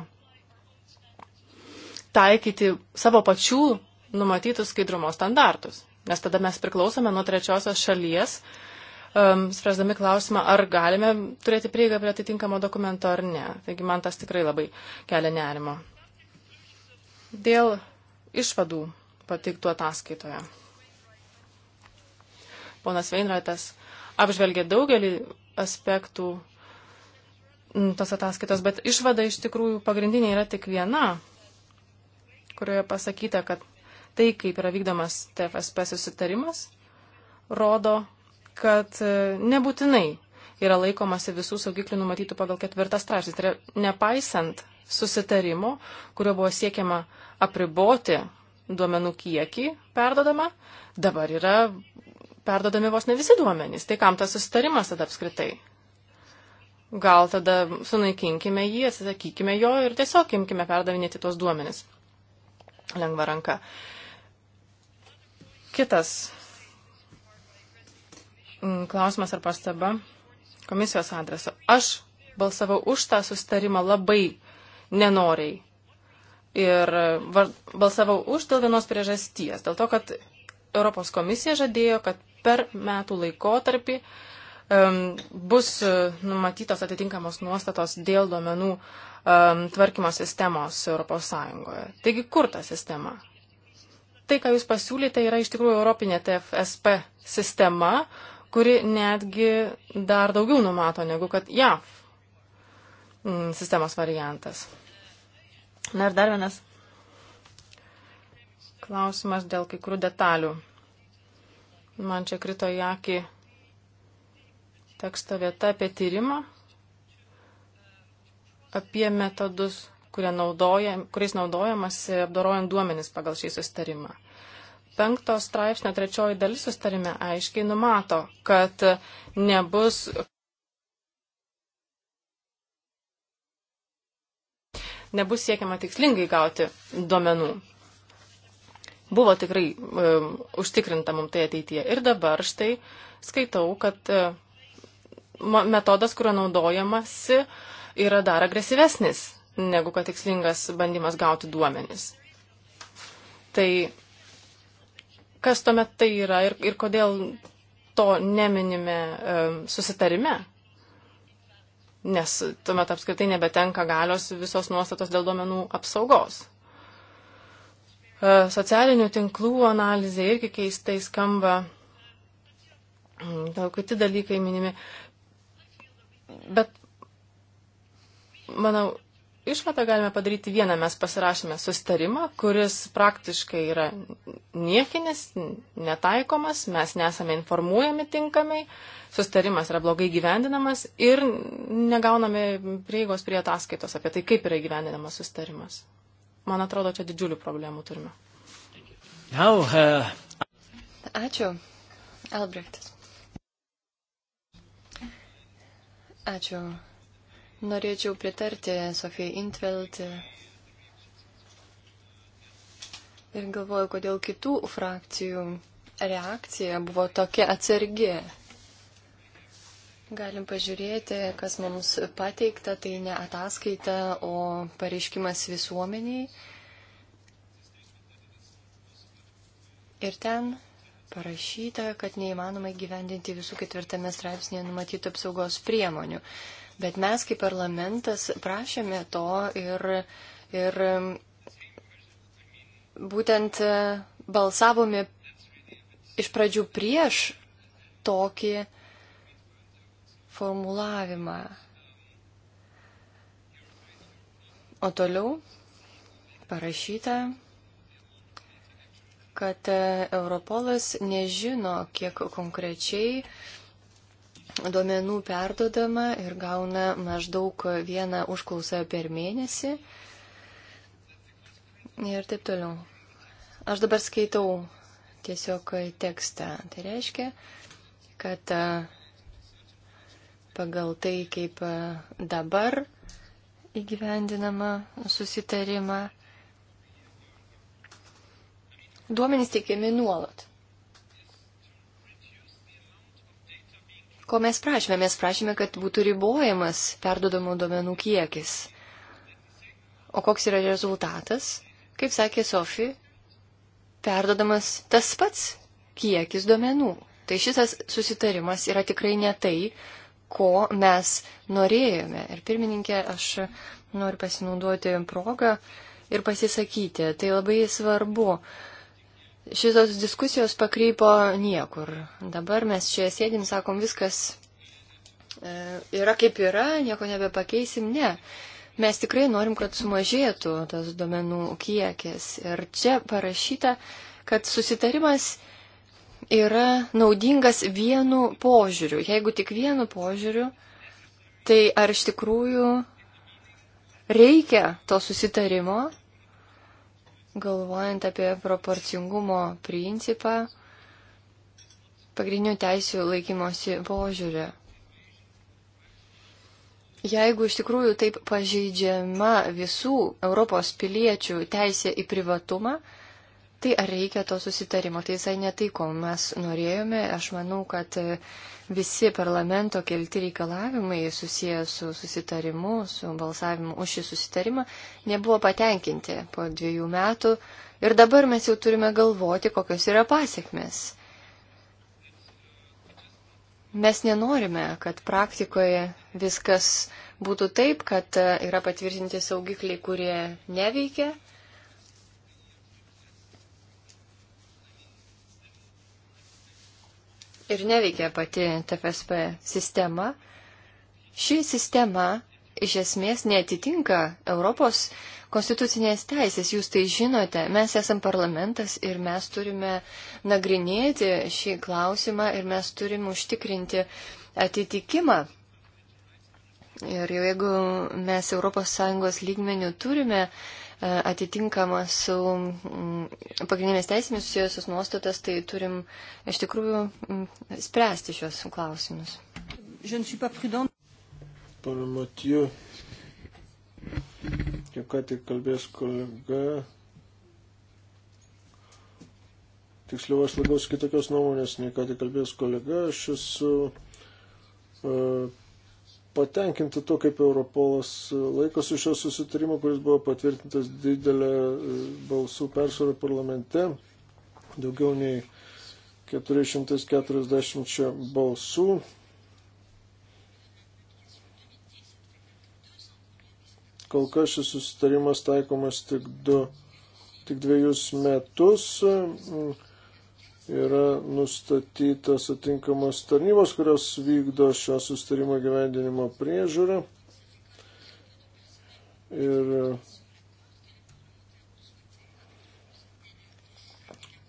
taikyti savo pačių numatytus skaidrumo standartus. Nes tada mes priklausome nuo trečiosios šalies, uh, um, spręsdami klausimą, ar galime turėti prieigą prie atitinkamo dokumento ar ne. Taigi man tas tikrai labai kelia nerimo. Dėl išvadų pateiktų ataskaitoje. Ponas Veinraitas apžvelgė daugelį aspektų mm, tos ataskaitos, bet išvada iš tikrųjų pagrindinė yra tik viena, kurioje pasakyta, kad tai, kaip yra vykdomas TFSP susitarimas, rodo, kad e, nebūtinai yra laikomasi visų saugiklių numatytų pagal ketvirtą straipsnį. Tai yra nepaisant susitarimo, kurio buvo siekiama apriboti duomenų kiekį perdodama, dabar yra perdodami vos ne visi duomenys. Tai kam tas susitarimas tada apskritai? Gal tada sunaikinkime jį, atsisakykime jo ir tiesiog imkime perdavinėti tuos duomenis. Lengva ranka. Kitas Mm, klausimas ar pastaba komisijos adresu. Aš balsavau už tą sustarimą labai nenoriai. Ir e, balsavau už dėl vienos priežasties. Dėl to, kad Europos komisija žadėjo, kad per metų laikotarpį um, bus e, numatytos atitinkamos nuostatos dėl duomenų um, tvarkymo sistemos ES. Taigi, kur ta sistema? Tai, ką jūs pasiūlyte, yra iš tikrųjų Europinė TFSP sistema, kuri netgi dar daugiau numato negu kad JAV mm, sistemos variantas. Na ir dar vienas klausimas dėl kai kurių detalių. Man čia krito į akį teksto vieta apie tyrimą, apie metodus, naudoja, kuriais naudojamas apdorojant duomenis pagal šį sustarimą penkto straipsnio trečioji dalis sustarime aiškiai numato, kad nebus. Nebus siekiama tikslingai gauti duomenų. Buvo tikrai e, užtikrinta mums tai ateityje. Ir dabar štai skaitau, kad e, metodas, kurio naudojamasi, yra dar agresyvesnis negu kad tikslingas bandymas gauti duomenis. Tai kas tuomet tai yra ir, ir kodėl to neminime e, susitarime? Nes tuomet apskritai nebetenka galios visos nuostatos dėl duomenų apsaugos. E, socialinių tinklų analizė irgi keistai skamba. Daug mm, kiti dalykai minimi. Bet, manau, išvadą galime padaryti vieną. Mes pasirašėme sustarimą, kuris praktiškai yra niekinis, netaikomas, mes nesame informuojami tinkamai, sustarimas yra blogai gyvendinamas ir negauname prieigos prie ataskaitos apie tai, kaip yra gyvendinamas sustarimas. Man atrodo, čia didžiulių problemų turime. Now, uh... Ačiū, Albrechtas. Ačiū Norėčiau pritarti Sofijai Intveld ir galvoju, kodėl kitų frakcijų reakcija buvo tokia atsargi. Galim pažiūrėti, kas mums pateikta, tai ne ataskaita, o pareiškimas visuomeniai. Ir ten parašyta, kad neįmanoma gyvendinti visų ketvirtame straipsnėje numatytų apsaugos priemonių. Bet mes kaip parlamentas prašėme to ir, ir būtent e, balsavome iš pradžių prieš tokį formulavimą. O toliau parašyta, kad e, Europolas nežino, kiek konkrečiai duomenų perdodama ir gauna maždaug vieną užklausą per mėnesį ir taip toliau. Aš dabar skaitau tiesiog tekstą. Tai reiškia, kad e, pagal tai, kaip e, dabar įgyvendinama susitarima, duomenys teikiami nuolat. Ko mes prašome? Mes prašome, kad būtų ribojamas perdodamų duomenų kiekis. O koks yra rezultatas? Kaip sakė Sofi, perdodamas tas pats kiekis duomenų. Tai šitas susitarimas yra tikrai ne tai, ko mes norėjome. Ir pirmininkė, aš noriu pasinaudoti progą ir pasisakyti. Tai labai svarbu Šitos diskusijos pakrypo niekur. Dabar mes čia sėdim, sakom, viskas e, yra kaip yra, nieko nebepakeisim. Ne. Mes tikrai norim, kad sumažėtų tas duomenų kiekis. Ir čia parašyta, kad susitarimas yra naudingas vienu požiūriu. Jeigu tik vienu požiūriu, tai ar iš tikrųjų reikia to susitarimo, galvojant apie proporcingumo principą, pagrindinių teisių laikymosi požiūrį. Jeigu iš tikrųjų taip pažeidžiama visų Europos piliečių teisė į privatumą, tai ar reikia to susitarimo? Tai visai ne tai, ko mes norėjome. Aš manau, kad visi parlamento kelti reikalavimai susiję su susitarimu, su balsavimu už šį susitarimą, nebuvo patenkinti po dviejų metų ir dabar mes jau turime galvoti, kokios yra pasiekmes. Mes nenorime, kad praktikoje viskas būtų taip, kad yra patvirtinti saugikliai, kurie neveikia, ir neveikia pati TFSP sistema, ši sistema iš esmės netitinka Europos konstitucinės teisės. Jūs tai žinote, mes esam parlamentas ir mes turime nagrinėti šį klausimą ir mes turime užtikrinti atitikimą. Ir jau jeigu mes ES lygmenių turime atitinkamas su mm, pagrindinėmis teisėmis susijusios nuostatas, tai turim iš tikrųjų mm, spręsti šios klausimus. Pana Matiju, jau ką tik kalbės kolega, tiksliau aš labiau kitokios nuomonės, nei ką tik kalbės kolega, aš esu e, patenkinti to, kaip Europolas laikosi šio susitarimo, kuris buvo patvirtintas didelę e, balsų persvarą parlamente, daugiau nei 440 balsų. Kol kas šis susitarimas taikomas tik, du, tik dviejus metus. Mm yra nustatytos atinkamos tarnybos, kurios vykdo šio sustarimo gyvendinimo priežiūrą. Ir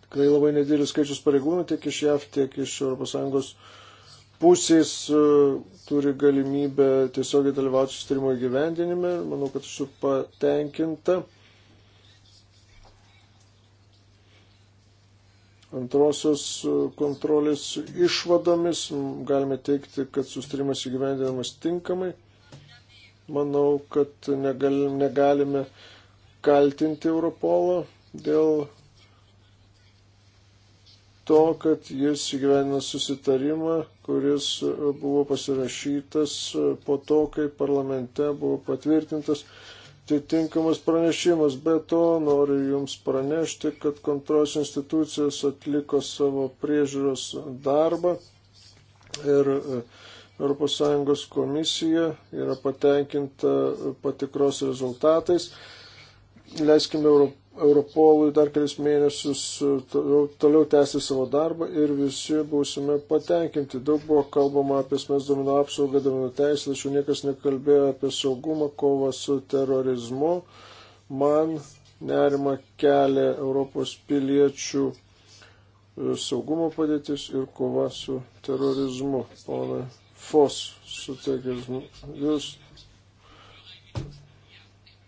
tikrai labai nedėlis skaičius pareigūnų tiek iš JAV, tiek iš ES pusės e, turi galimybę tiesiogiai dalyvauti sustarimo gyvendinime. Manau, kad esu patenkinta Antrosios e, kontrolės išvadomis galime teikti, kad sustarimas įgyvendinamas tinkamai. Manau, kad negalime, negalime kaltinti Europolo dėl to, kad jis įgyvendino susitarimą, kuris buvo pasirašytas po to, kai parlamente buvo patvirtintas atitinkamas pranešimas. Be to noriu Jums pranešti, kad kontrolės institucijos atliko savo priežiūros darbą ir ES komisija yra patenkinta patikros rezultatais. Leiskime Europ Europolui dar kelis mėnesius e, toliau, toliau tęsti savo darbą ir visi būsime patenkinti. Daug buvo kalbama apie asmens duomenų apsaugą, duomenų teisę, tačiau niekas nekalbėjo apie saugumą, kovą su terorizmu. Man nerima kelia Europos piliečių e, saugumo padėtis ir kova su terorizmu. Pana Fos suteikė jūs.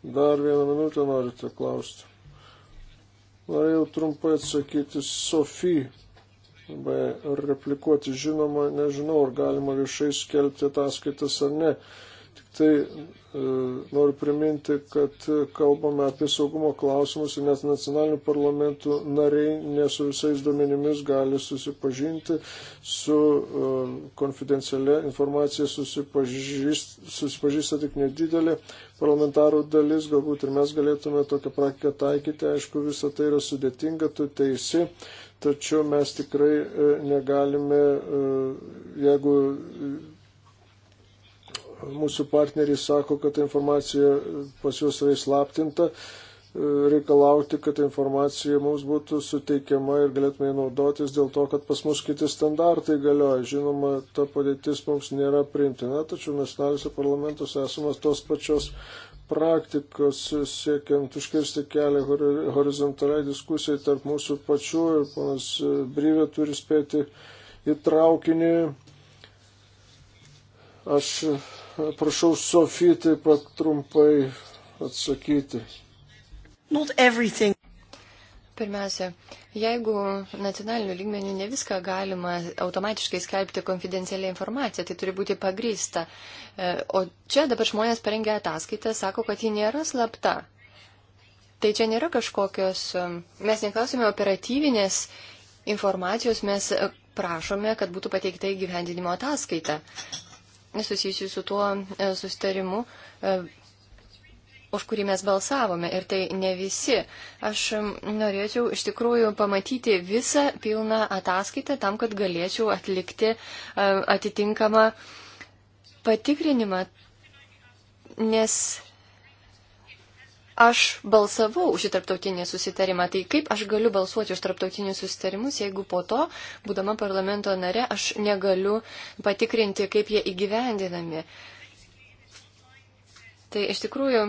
Dar vieną minutę norite klausti. Norėjau trumpai atsakyti Sofijai arba replikuoti. Žinoma, nežinau, ar galima viešai skelbti ataskaitas ar ne. Tik tai E, noriu priminti, kad kalbame apie saugumo klausimus ir net nacionalinių parlamentų nariai nesu visais duomenimis gali susipažinti su e, konfidencialia informacija, susipažįsta tik nedidelė parlamentarų dalis, galbūt ir mes galėtume tokią praktiką taikyti, aišku, visą tai yra sudėtinga, tu teisi, tačiau mes tikrai e, negalime, jeigu mūsų partneriai sako, kad informacija pas juos yra įslaptinta, reikalauti, kad informacija mums būtų suteikiama ir galėtume jį naudotis dėl to, kad pas mus kiti standartai galioja. Žinoma, ta padėtis mums nėra priimtina, tačiau nacionaliniuose parlamentuose esame tos pačios praktikos siekiant užkirsti kelią horizontaliai diskusijai tarp mūsų pačių ir panas Bryvė turi spėti į traukinį. Aš Prašau Sofiją taip pat trumpai atsakyti. Pirmiausia, jeigu nacionaliniu lygmeniu ne viską galima automatiškai skelbti konfidencialią informaciją, tai turi būti pagrįsta. E, o čia dabar žmonės parengia ataskaitą, sako, kad ji nėra slapta. Tai čia nėra kažkokios, e, mes neklausime operatyvinės informacijos, mes e, prašome, kad būtų pateikta įgyvendinimo ataskaita susijusių su tuo e, sustarimu, e, už kurį mes balsavome. Ir tai ne visi. Aš norėčiau iš tikrųjų pamatyti visą pilną ataskaitą tam, kad galėčiau atlikti e, atitinkamą patikrinimą. Nes aš balsavau už šį tarptautinį susitarimą, tai kaip aš galiu balsuoti už tarptautinius susitarimus, jeigu po to, būdama parlamento nare, aš negaliu patikrinti, kaip jie įgyvendinami. Tai iš tikrųjų.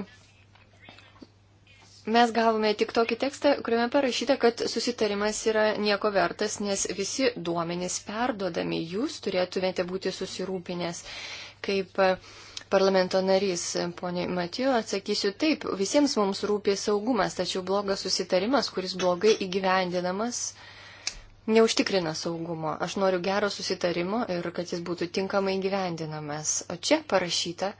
Mes gavome tik tokį tekstą, kuriame parašyta, kad susitarimas yra nieko vertas, nes visi duomenys perduodami, jūs turėtumėte būti susirūpinęs, kaip uh, parlamento narys, ponė Matiju, atsakysiu taip, visiems mums rūpė saugumas, tačiau blogas susitarimas, kuris blogai įgyvendinamas, neužtikrina saugumo. Aš noriu gero susitarimo ir kad jis būtų tinkamai įgyvendinamas. O čia parašyta,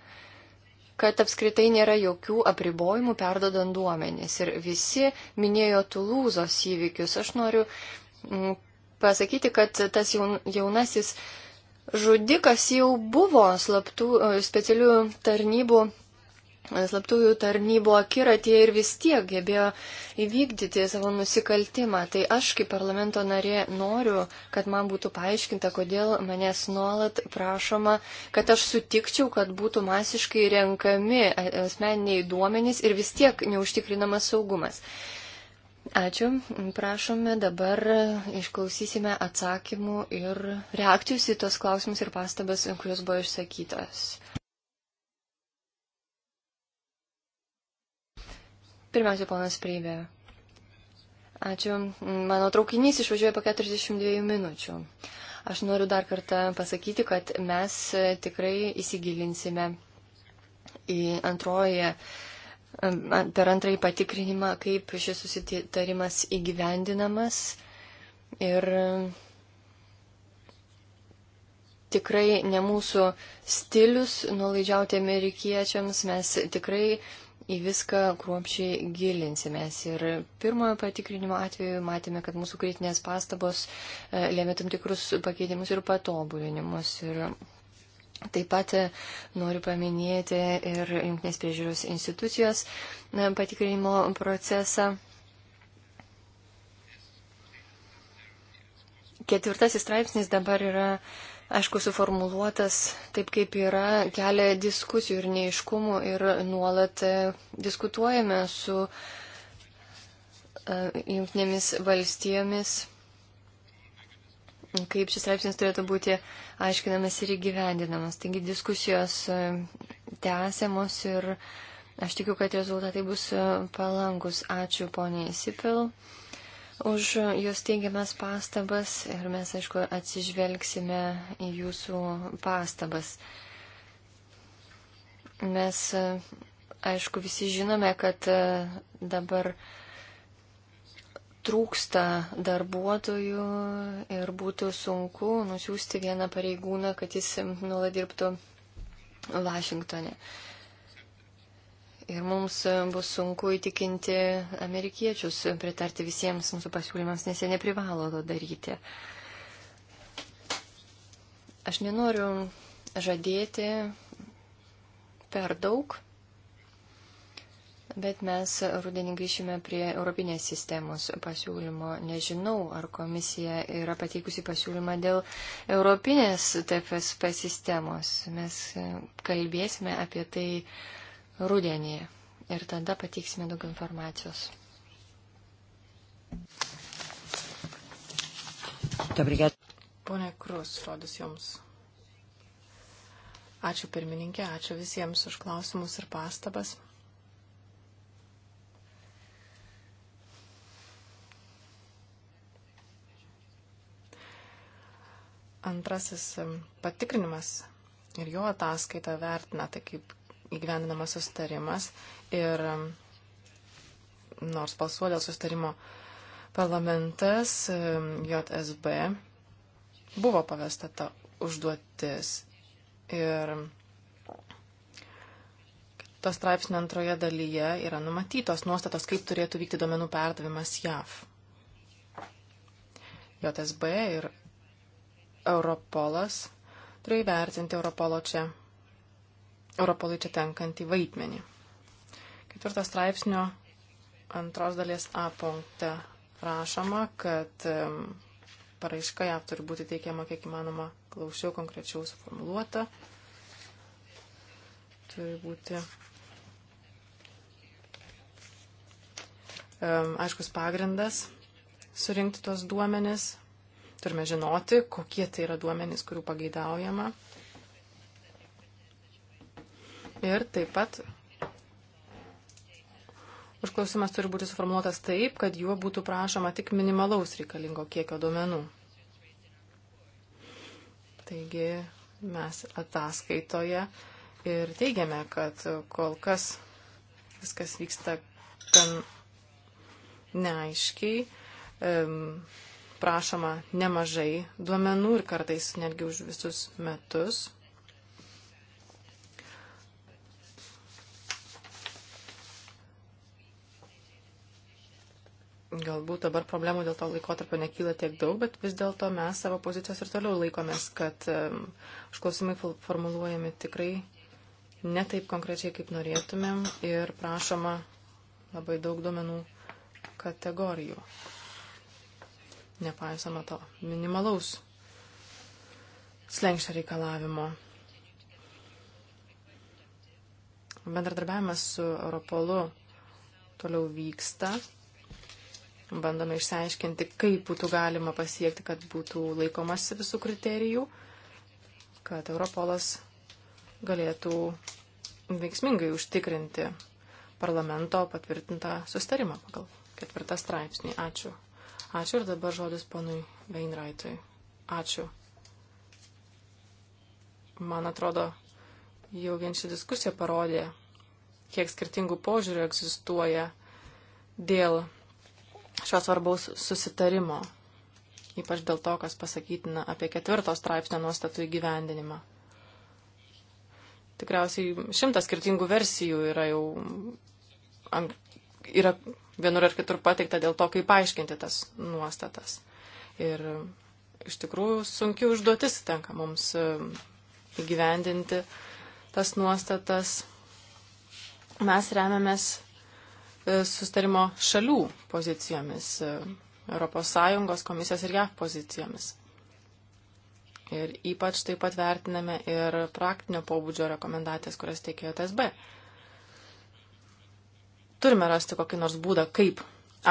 kad apskritai nėra jokių apribojimų perdodant duomenys. Ir visi minėjo Tulūzos įvykius. Aš noriu mm, pasakyti, kad tas jaunasis žudikas jau buvo slaptų, e, specialių tarnybų, e, slaptųjų tarnybų akiratėje ir vis tiek gebėjo įvykdyti savo nusikaltimą. Tai aš kaip parlamento narė noriu, kad man būtų paaiškinta, kodėl manęs nuolat prašoma, kad aš sutikčiau, kad būtų masiškai renkami e, asmeniniai duomenys ir vis tiek neužtikrinamas saugumas. Ačiū. Prašome dabar išklausysime atsakymų ir reakcijus į tos klausimus ir pastabas, kurios buvo išsakytas. Pirmiausia, ponas Prybė. Ačiū. Mano traukinys išvažiuoja po 42 minučių. Aš noriu dar kartą pasakyti, kad mes tikrai įsigilinsime į antroje per antrąjį patikrinimą, kaip šis susitarimas įgyvendinamas. Ir e, tikrai ne mūsų stilius nuolaidžiauti amerikiečiams, mes tikrai į viską kruopšiai gilinsimės. Ir pirmojo patikrinimo atveju matėme, kad mūsų kritinės pastabos e, lėmė tam tikrus pakeitimus ir patobulinimus. Ir Taip pat e, noriu paminėti ir Junktinės priežiūros institucijos e, patikrinimo procesą. Ketvirtasis straipsnis dabar yra, aišku, suformuluotas taip, kaip yra, kelia diskusijų ir neiškumų ir nuolat e, diskutuojame su Junktinėmis valstijomis kaip šis straipsnis turėtų būti aiškinamas ir įgyvendinamas. Taigi diskusijos e, tęsiamos ir aš tikiu, kad rezultatai bus e, palankus. Ačiū poniai Sipil už jos teigiamas pastabas ir mes, aišku, atsižvelgsime į jūsų pastabas. Mes, e, aišku, visi žinome, kad dabar trūksta darbuotojų ir būtų sunku nusiųsti vieną pareigūną, kad jis nuolat dirbtų Vašingtonė. Ir mums bus sunku įtikinti amerikiečius pritarti visiems mūsų pasiūlymams, nes jie neprivalo to daryti. Aš nenoriu žadėti per daug, Bet mes rudenį grįšime prie Europinės sistemos pasiūlymo. Nežinau, ar komisija yra pateikusi pasiūlymą dėl Europinės TFSP sistemos. Mes kalbėsime apie tai rudenį ir tada pateiksime daug informacijos. Pone Krus, rodus Jums. Ačiū pirmininkė, ačiū visiems už klausimus ir pastabas. antrasis patikrinimas ir jo ataskaita vertina tai kaip įgyvendinamas sustarimas ir nors balsuo dėl sustarimo parlamentas JSB buvo pavesta ta užduotis ir to straipsnio antroje dalyje yra numatytos nuostatos, kaip turėtų vykti duomenų perdavimas JAV. JSB ir Europolas turi įvertinti Europolo čia, Europolui čia tenkantį vaidmenį. Ketvirtas straipsnio antros dalies A punkte rašoma, kad paraiška jav turi būti teikiama kiek įmanoma klausiau, konkrečiau suformuluota. Turi būti aiškus pagrindas surinkti tos duomenis, Turime žinoti, kokie tai yra duomenys, kurių pageidaujama. Ir taip pat užklausimas turi būti suformuoluotas taip, kad juo būtų prašoma tik minimalaus reikalingo kiekio duomenų. Taigi mes ataskaitoje ir teigiame, kad kol kas viskas vyksta gan neaiškiai. Um, prašoma nemažai duomenų ir kartais netgi už visus metus. Galbūt dabar problemų dėl to laikotarpio nekyla tiek daug, bet vis dėlto mes savo pozicijos ir toliau laikomės, kad užklausimai formuluojami tikrai ne taip konkrečiai, kaip norėtumėm ir prašoma labai daug duomenų kategorijų nepaisama to minimalaus slengščio reikalavimo. Bendradarbiavimas su Europolu toliau vyksta. Bandome išsiaiškinti, kaip būtų galima pasiekti, kad būtų laikomasi visų kriterijų, kad Europolas galėtų veiksmingai užtikrinti parlamento patvirtintą sustarimą pagal ketvirtą straipsnį. Ačiū. Ačiū ir dabar žodis ponui Veinraitui. Ačiū. Man atrodo, jau vien ši diskusija parodė, kiek skirtingų požiūrių egzistuoja dėl šios svarbaus susitarimo, ypač dėl to, kas pasakytina apie ketvirto straipsnio nuostatų įgyvendinimą. Tikriausiai šimtas skirtingų versijų yra jau yra vienur ar kitur pateikta dėl to, kaip aiškinti tas nuostatas. Ir iš tikrųjų sunki užduotis tenka mums e, įgyvendinti tas nuostatas. Mes remiamės e, sustarimo šalių pozicijomis, ES komisijos ir JAV pozicijomis. Ir ypač taip pat vertiname ir praktinio pobūdžio rekomendacijas, kurias teikė TSB turime rasti kokį nors būdą, kaip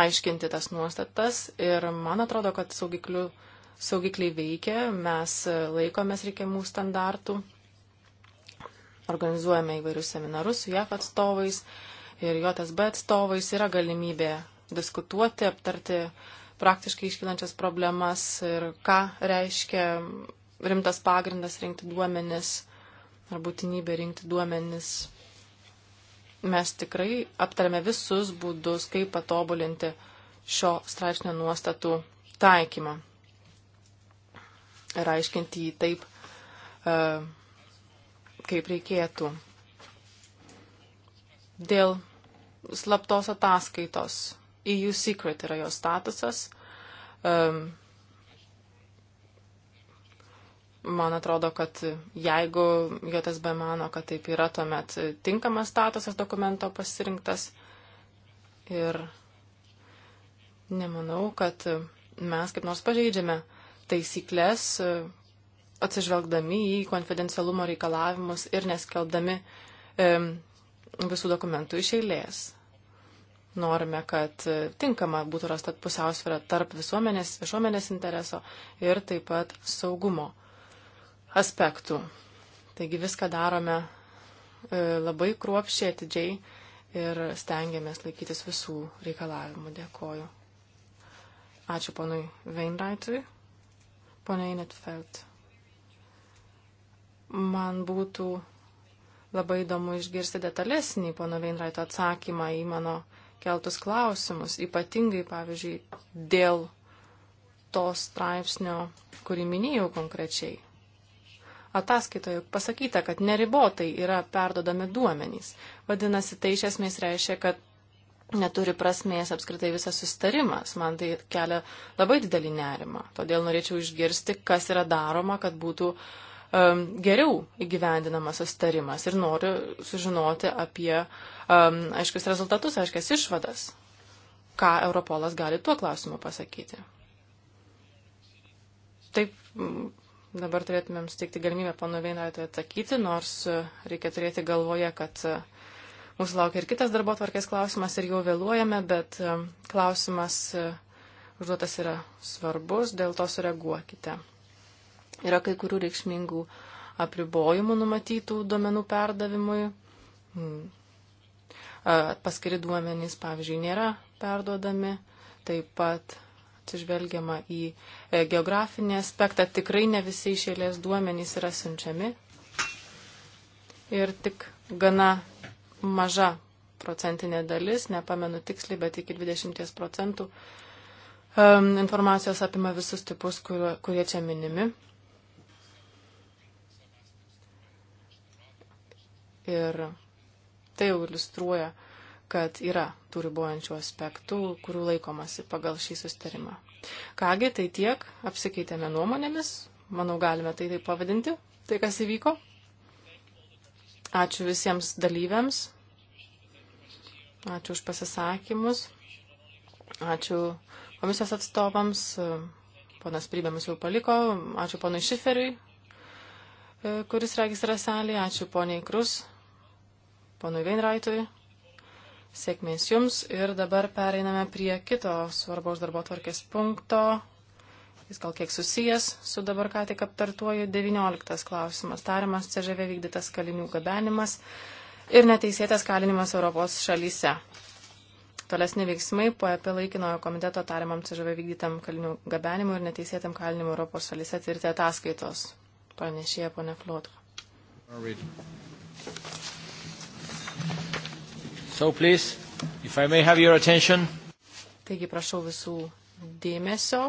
aiškinti tas nuostatas. Ir man atrodo, kad saugiklių, saugikliai veikia, mes laikomės reikiamų standartų, organizuojame įvairius seminarus su JAF atstovais ir JSB atstovais yra galimybė diskutuoti, aptarti praktiškai iškilančias problemas ir ką reiškia rimtas pagrindas rinkti duomenis ar būtinybė rinkti duomenis mes tikrai aptarėme visus būdus, kaip patobulinti šio straipsnio nuostatų taikymą ir aiškinti jį taip, e, kaip reikėtų. Dėl slaptos ataskaitos EU Secret yra jos statusas. Um, man atrodo, kad jeigu JSB mano, kad taip yra, tuomet tinkamas statusas dokumento pasirinktas. Ir nemanau, kad mes kaip nors pažeidžiame taisyklės, atsižvelgdami į konfidencialumo reikalavimus ir neskeldami e, visų dokumentų iš eilės. Norime, kad tinkama būtų rasta pusiausvėra tarp visuomenės, visuomenės intereso ir taip pat saugumo aspektų. Taigi viską darome e, labai kruopšiai, atidžiai ir stengiamės laikytis visų reikalavimų. Dėkoju. Ačiū ponui Veinraitui, poniai Netfeld. Man būtų labai įdomu išgirsti detalesnį pono Veinraito atsakymą į mano keltus klausimus, ypatingai, pavyzdžiui, dėl to straipsnio, kurį minėjau konkrečiai ataskaitoje pasakyta, kad neribotai yra perdodami duomenys. Vadinasi, tai iš esmės reiškia, kad neturi prasmės apskritai visas sustarimas. Man tai kelia labai didelį nerimą. Todėl norėčiau išgirsti, kas yra daroma, kad būtų um, geriau įgyvendinamas sustarimas. Ir noriu sužinoti apie um, aiškius rezultatus, aiškias išvadas. Ką Europolas gali tuo klausimu pasakyti? Taip, Dabar turėtumėm suteikti galimybę panu Veinaitui atsakyti, nors e, reikia turėti galvoje, kad e, mūsų laukia ir kitas darbo tvarkės klausimas ir jau vėluojame, bet e, klausimas užduotas yra svarbus, dėl to sureaguokite. Yra kai kurių reikšmingų apribojimų numatytų duomenų perdavimui. Hmm. Paskiri duomenys, pavyzdžiui, nėra perduodami. Taip pat atsižvelgiama į e, geografinį aspektą. Tikrai ne visi iš eilės duomenys yra siunčiami. Ir tik gana maža procentinė dalis, nepamenu tiksliai, bet iki 20 procentų um, informacijos apima visus tipus, kurio, kurie čia minimi. Ir tai jau iliustruoja uh, kad yra tų ribojančių aspektų, kurių laikomasi pagal šį sustarimą. Kągi, tai tiek, apsikeitėme nuomonėmis, manau galime tai taip pavadinti, tai kas įvyko. Ačiū visiems dalyviams, ačiū už pasisakymus, ačiū komisijos atstovams, ponas Prybėmis jau paliko, ačiū ponui Šiferiui, kuris regis yra salėje, ačiū poniai Krus, ponui Veinraitui. Sėkmės jums ir dabar pereiname prie kito svarbaus darbo tvarkės punkto. Jis gal kiek susijęs su dabar ką tik aptartuoju 19 klausimas. Tariamas CŽV vykdytas kalinių gabenimas ir neteisėtas kalinimas Europos šalyse. Tolesni veiksmai po apie laikinojo komiteto tariamam CŽV vykdytam kalinių gabenimui ir neteisėtam kalinimui Europos šalyse tirti ataskaitos. Pranešėja ponė Flotko. So please, if I may have your attention. Taigi prašau visų dėmesio.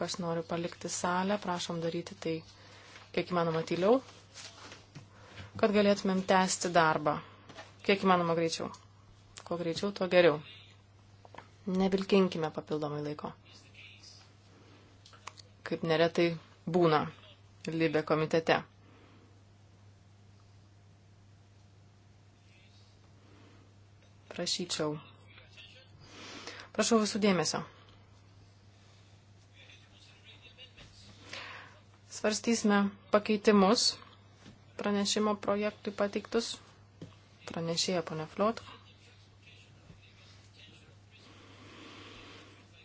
Kas nori palikti salę, prašom daryti tai kiek įmanoma tyliau, kad galėtumėm tęsti darbą. Kiek įmanoma greičiau. Kuo greičiau, tuo geriau. Nevilkinkime papildomai laiko. Kaip neretai būna Libė komitete. prašyčiau. Prašau visų dėmesio. Svarstysime pakeitimus pranešimo projektui pateiktus. Pranešėja ponė Flot.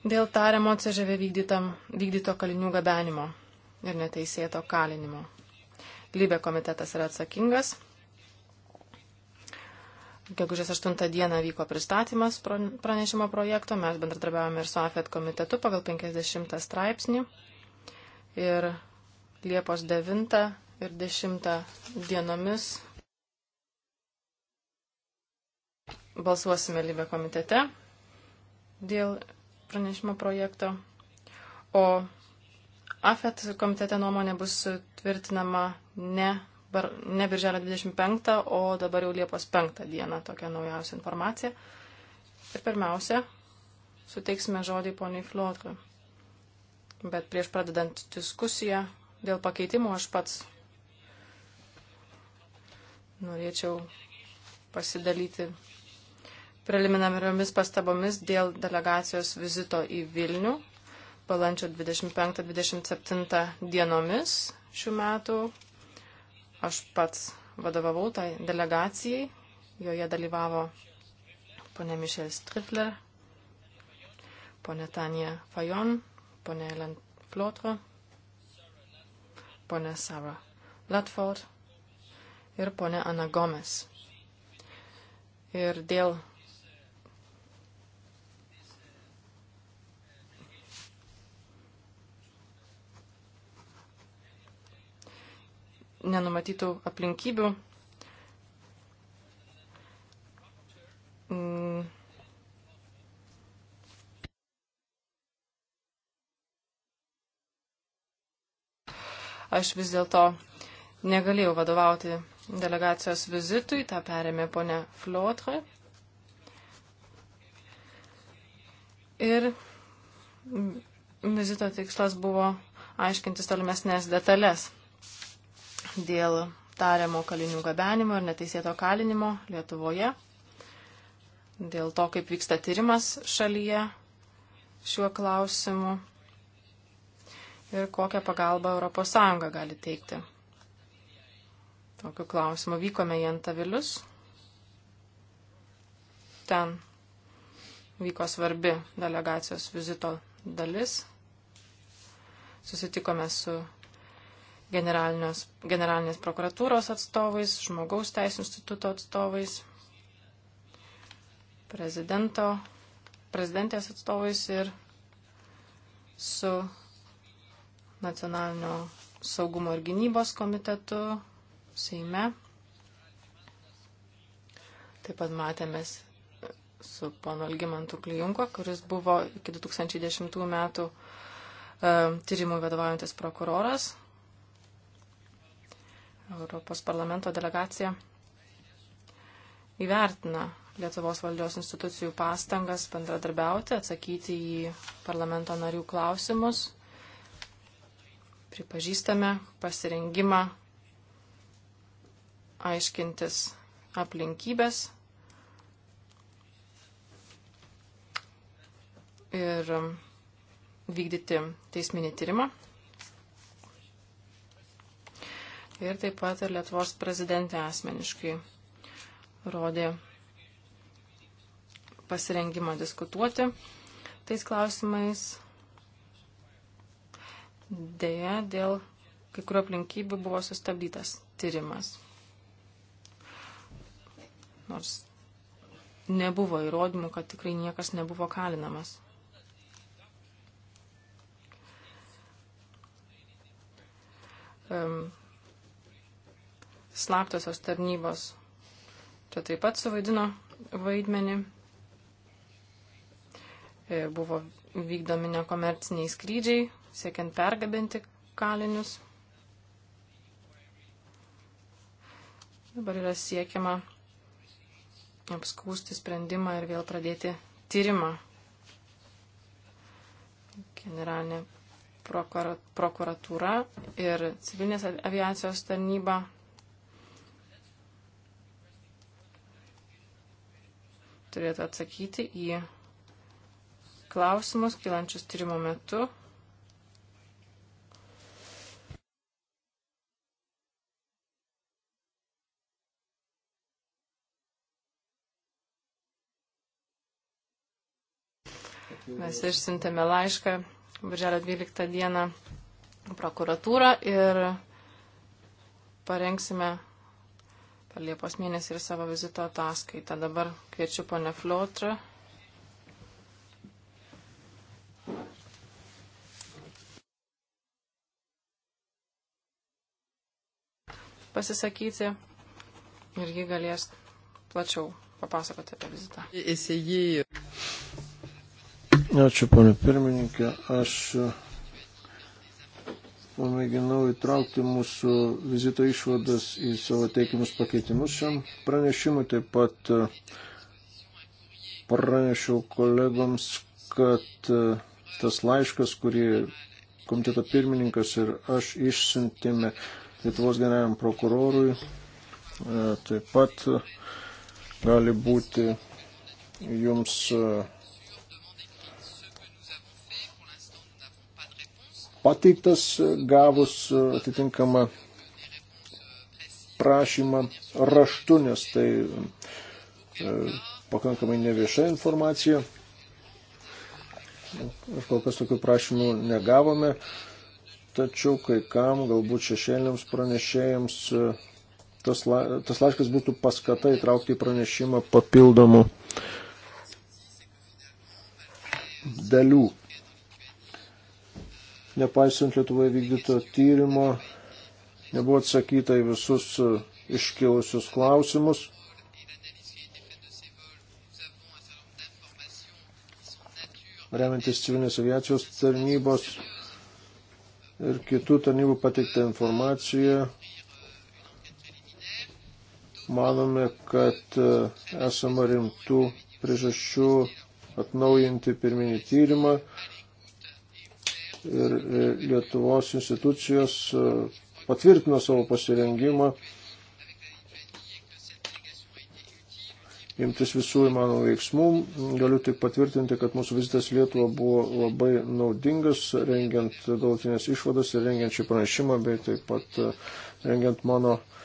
Dėl tariamo CŽV vykdyto kalinių gabenimo ir neteisėto kalinimo. Lybė komitetas yra atsakingas Gegužės 8 dieną vyko pristatymas pranešimo projekto, mes bendradarbiavome ir su AFET komitetu pagal 50 straipsnį. Ir Liepos 9 ir 10 dienomis balsuosime Libė komitete dėl pranešimo projekto. O AFET komitete nuomonė bus tvirtinama ne bar, ne birželio 25, o dabar jau Liepos 5 dieną tokia naujausia informacija. Ir pirmiausia, suteiksime žodį poniai Flotko. Bet prieš pradedant diskusiją dėl pakeitimų aš pats norėčiau pasidalyti preliminariomis pastabomis dėl delegacijos vizito į Vilnių balandžio 25-27 dienomis šių metų Aš pats vadovavau tai delegacijai, joje dalyvavo ponė Mišel Strifler, ponė Tanja Fajon, ponė Ellen Flotre, ponė Sara Latford ir ponė Ana Gomes. Ir dėl nenumatytų aplinkybių. Mm. Aš vis dėlto negalėjau vadovauti delegacijos vizitui, tą perėmė ponia Flotre. Ir vizito tikslas buvo aiškintis tolimesnės detalės dėl tariamo kalinių gabenimo ir neteisėto kalinimo Lietuvoje, dėl to, kaip vyksta tyrimas šalyje šiuo klausimu ir kokią pagalbą ES gali teikti. Tokiu klausimu vykome į Antavilius. Ten vyko svarbi delegacijos vizito dalis. Susitikome su generalinės prokuratūros atstovais, žmogaus teisų instituto atstovais, prezidento, prezidentės atstovais ir su nacionalinio saugumo ir gynybos komitetu Seime. Taip pat matėmės su ponu Algimantu Klijunko, kuris buvo iki 2010 metų e, tyrimų vadovaujantis prokuroras Europos parlamento delegacija įvertina Lietuvos valdžios institucijų pastangas bendradarbiauti, atsakyti į parlamento narių klausimus. Pripažįstame pasirengimą aiškintis aplinkybės ir vykdyti teisminį tyrimą ir taip pat ir Lietuvos prezidentė asmeniškai rodė pasirengimą diskutuoti tais klausimais. Deja, dėl kai kurio aplinkybių buvo sustabdytas tyrimas. Nors nebuvo įrodymų, kad tikrai niekas nebuvo kalinamas. Um, slaptosios tarnybos. Čia taip pat suvaidino vaidmenį. E, buvo vykdomi nekomerciniai skrydžiai, siekiant pergabinti kalinius. Dabar yra siekiama apskūsti sprendimą ir vėl pradėti tyrimą. Generalinė prokuratūra ir civilinės aviacijos tarnyba turėtų atsakyti į klausimus kilančius tyrimo metu. Mes išsintėme laišką birželio 12 dieną prokuratūrą ir parengsime per Liepos mėnesį ir savo vizito ataskaitą. Dabar kviečiu ponę Fliotrą. pasisakyti ir ji galės plačiau papasakoti apie vizitą. Įsijai. Ačiū, ponė pirmininkė. Aš pamėginau įtraukti mūsų vizito išvadas į savo teikimus pakeitimus šiam pranešimui. Taip pat e, pranešiau kolegoms, kad e, tas laiškas, kurį komiteto pirmininkas ir aš išsintėme Lietuvos generaliniam prokurorui, e, taip pat gali būti jums pateiktas gavus e, atitinkamą prašymą raštu, nes tai e, pakankamai nevieša informacija. Aš kol kas tokių prašymų negavome, tačiau kai kam, galbūt šešėliams pranešėjams, e, tas, la, tas laiškas būtų paskata įtraukti į pranešimą papildomų dalių nepaisant Lietuvoje vykdyto tyrimo, nebuvo atsakyta į visus e, iškilusius klausimus. Remiantis civilinės aviacijos tarnybos ir kitų tarnybų pateiktą informaciją, manome, kad e, esama rimtų priežasčių atnaujinti pirminį tyrimą, ir Lietuvos institucijos e, patvirtino savo pasirengimą imtis visų įmanomų veiksmų. Galiu tik patvirtinti, kad mūsų vizitas Lietuva buvo labai naudingas, rengiant galutinės išvadas ir rengiant šį pranešimą, bei taip pat e, rengiant mano uh,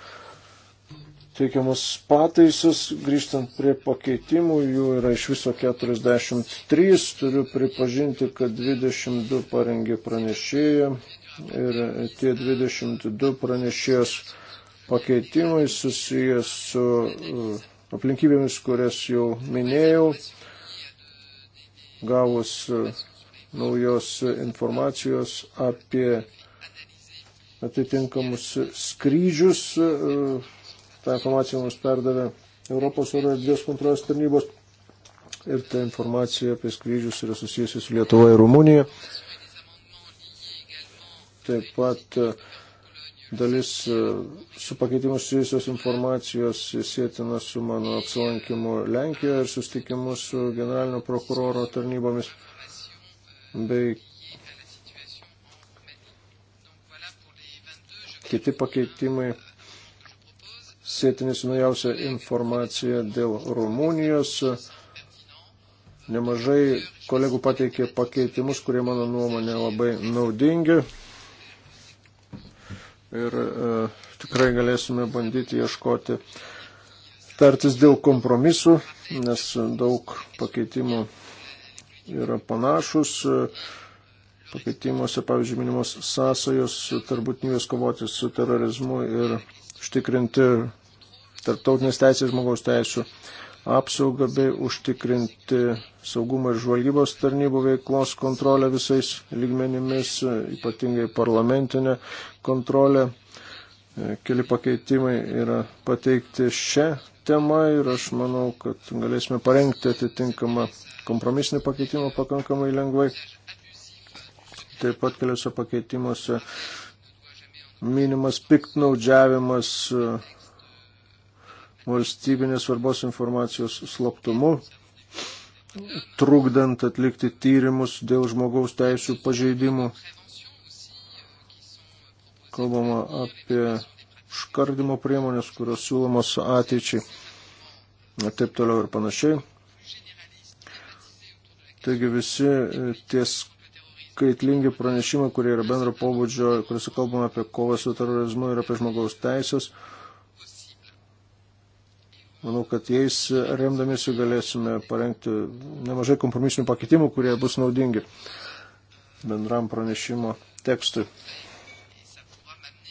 teikiamus pataisus, grįžtant prie pakeitimų, jų yra iš viso 43, turiu pripažinti, kad 22 parengė pranešėją ir tie 22 pranešėjos pakeitimai susijęs su uh, aplinkybėmis, kurias jau minėjau, gavus uh, naujos informacijos apie atitinkamus skrydžius uh, tą informaciją mums perdavė Europos oro erdvės kontrolės tarnybos ir ta informacija apie skrydžius yra susijusi su Lietuva ir Rumunija. Taip pat e, dalis e, su pakeitimu susijusios informacijos sėtina su mano apsilankimu Lenkijoje ir sustikimu su generalinio prokuroro tarnybomis bei kiti pakeitimai sėtini su naujausia informacija dėl Rumunijos. Nemažai kolegų pateikė pakeitimus, kurie mano nuomonė labai naudingi. Ir e, tikrai galėsime bandyti ieškoti, tartis dėl kompromisų, nes daug pakeitimų yra panašus. E, pakeitimuose, pavyzdžiui, minimos sąsajos tarp būtinybės kovoti su terorizmu ir užtikrinti tarptautinės teisės žmogaus teisų apsaugą bei užtikrinti saugumą ir žvalgybos tarnybų veiklos kontrolę visais lygmenimis, ypatingai parlamentinę kontrolę. Keli pakeitimai yra pateikti šią temą ir aš manau, kad galėsime parengti atitinkamą kompromisinį pakeitimą pakankamai lengvai. Taip pat keliose pakeitimuose minimas piktnaudžiavimas e, valstybinės svarbos informacijos slaptumu, trukdant atlikti tyrimus dėl žmogaus teisų pažeidimų. Kalbama apie škardimo priemonės, kurios siūlomos ateičiai ir taip toliau ir panašiai. Taigi visi e, ties skaitlingi pranešimai, kurie yra bendro pobūdžio, kuriuose kalbama apie kovą su terorizmu ir apie žmogaus teisės. Manau, kad jais remdamėsi galėsime parengti nemažai kompromisinių pakeitimų, kurie bus naudingi bendram pranešimo tekstui.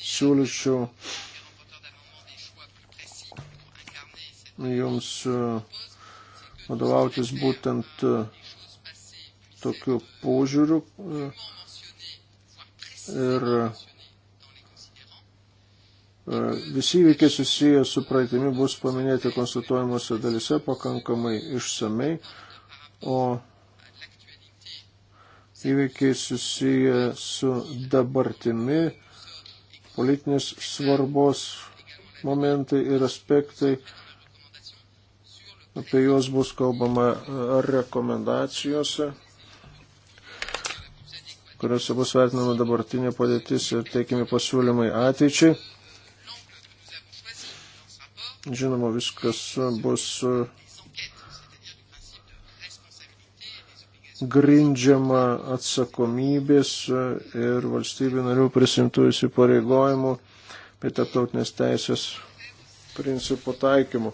Siūlyčiau jums uh, vadovautis būtent uh, tokiu požiūriu e, ir e, visi įvykiai susiję su praeitimi bus paminėti konstatuojimuose dalise pakankamai išsamei, o įvykiai susiję su dabartimi, politinės svarbos momentai ir aspektai apie juos bus kalbama e, rekomendacijose kuriuose bus vertinama dabartinė padėtis ir teikiami pasiūlymai ateičiai. Žinoma, viskas bus grindžiama atsakomybės ir valstybių narių prisimtų įsipareigojimų bei tarptautinės teisės principų taikymų.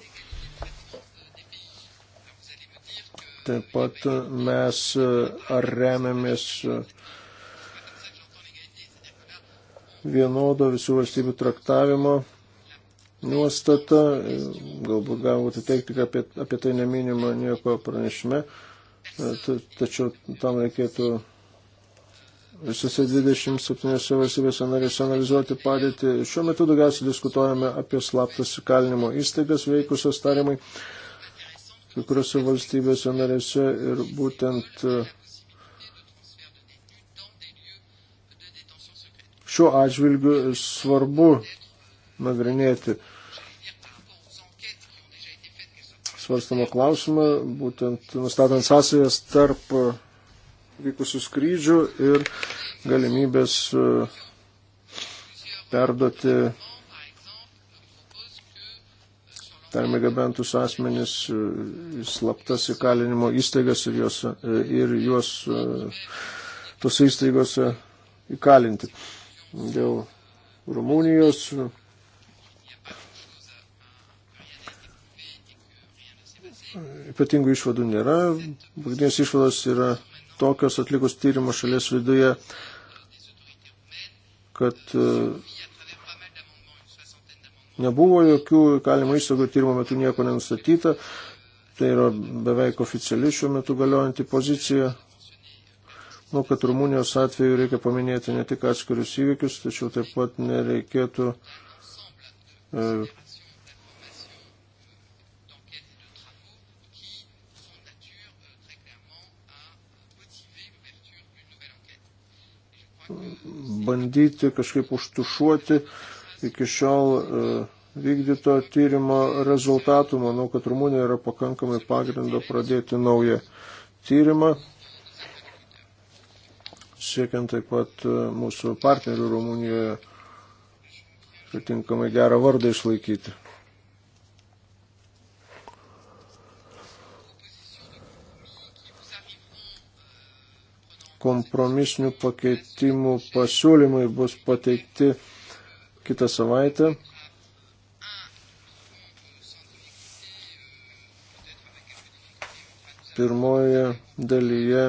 Taip pat mes remiamės vienodo visų valstybių traktavimo nuostata. Galbūt galima būtų teikti, kad apie, apie tai neminima nieko pranešime, e, tačiau tam reikėtų visose 27 valstybėse narėse analizuoti padėtį. Šiuo metu daugiausiai diskutuojame apie slaptas įkalinimo įstaigas veikusios tariamai kai kuriuose valstybėse narėse ir būtent uh, šiuo atžvilgiu svarbu nagrinėti svarstamą klausimą, būtent nustatant sąsajas tarp vykusių skrydžių ir galimybės e, perduoti permė gabentus asmenis e, į slaptas įkalinimo įstaigas ir juos, e, ir juos tose įstaigose įkalinti dėl Rumunijos. Ypatingų išvadų nėra. Pagrindinės išvados yra tokios atlikus tyrimo šalies viduje, kad e, nebuvo jokių kalimo įstaigų tyrimo metu nieko nenustatyta. Tai yra beveik oficiali šiuo metu galiojanti pozicija Manau, kad Rumunijos atveju reikia paminėti ne tik atskirius įvykius, tačiau taip pat nereikėtų e, bandyti kažkaip užtušuoti iki šiol e, vykdyto tyrimo rezultatų. Manau, kad Rumunija yra pakankamai pagrindo pradėti naują tyrimą siekiant taip pat e, mūsų partnerių Rumunijoje atitinkamai gerą vardą išlaikyti. Kompromisinių pakeitimų pasiūlymai bus pateikti kitą savaitę. Pirmoje dalyje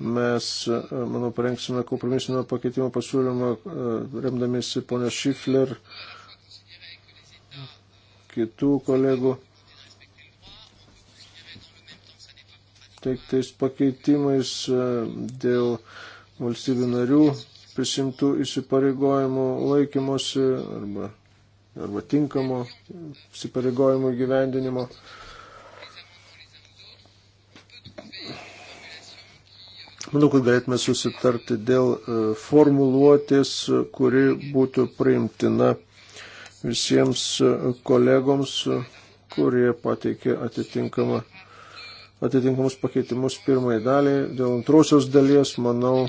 mes, e, manau, parengsime kompromisinio pakeitimo pasiūlymą, e, remdamėsi ponios Šifler, kitų kolegų teiktais pakeitimais e, dėl valstybių narių prisimtų įsipareigojimų laikymosi arba, arba tinkamo įsipareigojimų gyvendinimo. Manau, kad galėtume susitarti dėl e, formuluotės, kuri būtų priimtina visiems e, kolegoms, kurie pateikė atitinkamą, atitinkamus pakeitimus pirmai daliai. Dėl antrosios dalies, manau,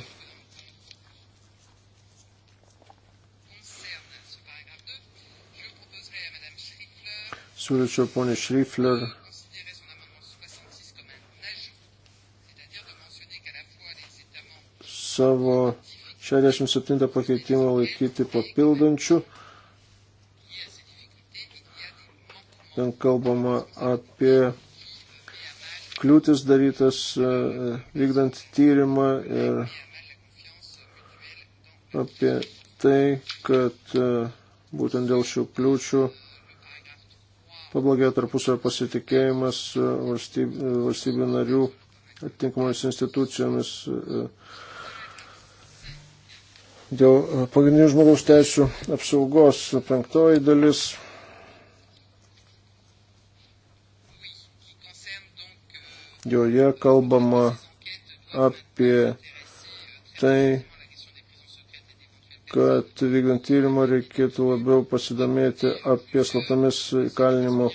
siūlyčiau ponė Šrifler savo 67 pakeitimą laikyti papildančių. Ten kalbama apie kliūtis darytas e, vykdant tyrimą ir apie tai, kad e, būtent dėl šių kliūčių pablogėjo tarpusavio pasitikėjimas e, valstybių, valstybių narių atitinkamomis institucijomis dėl e, pagrindinių žmogaus teisų apsaugos penktoji dalis. Joje kalbama apie tai, kad vykdant tyrimą reikėtų labiau pasidomėti apie slaptomis įkalinimo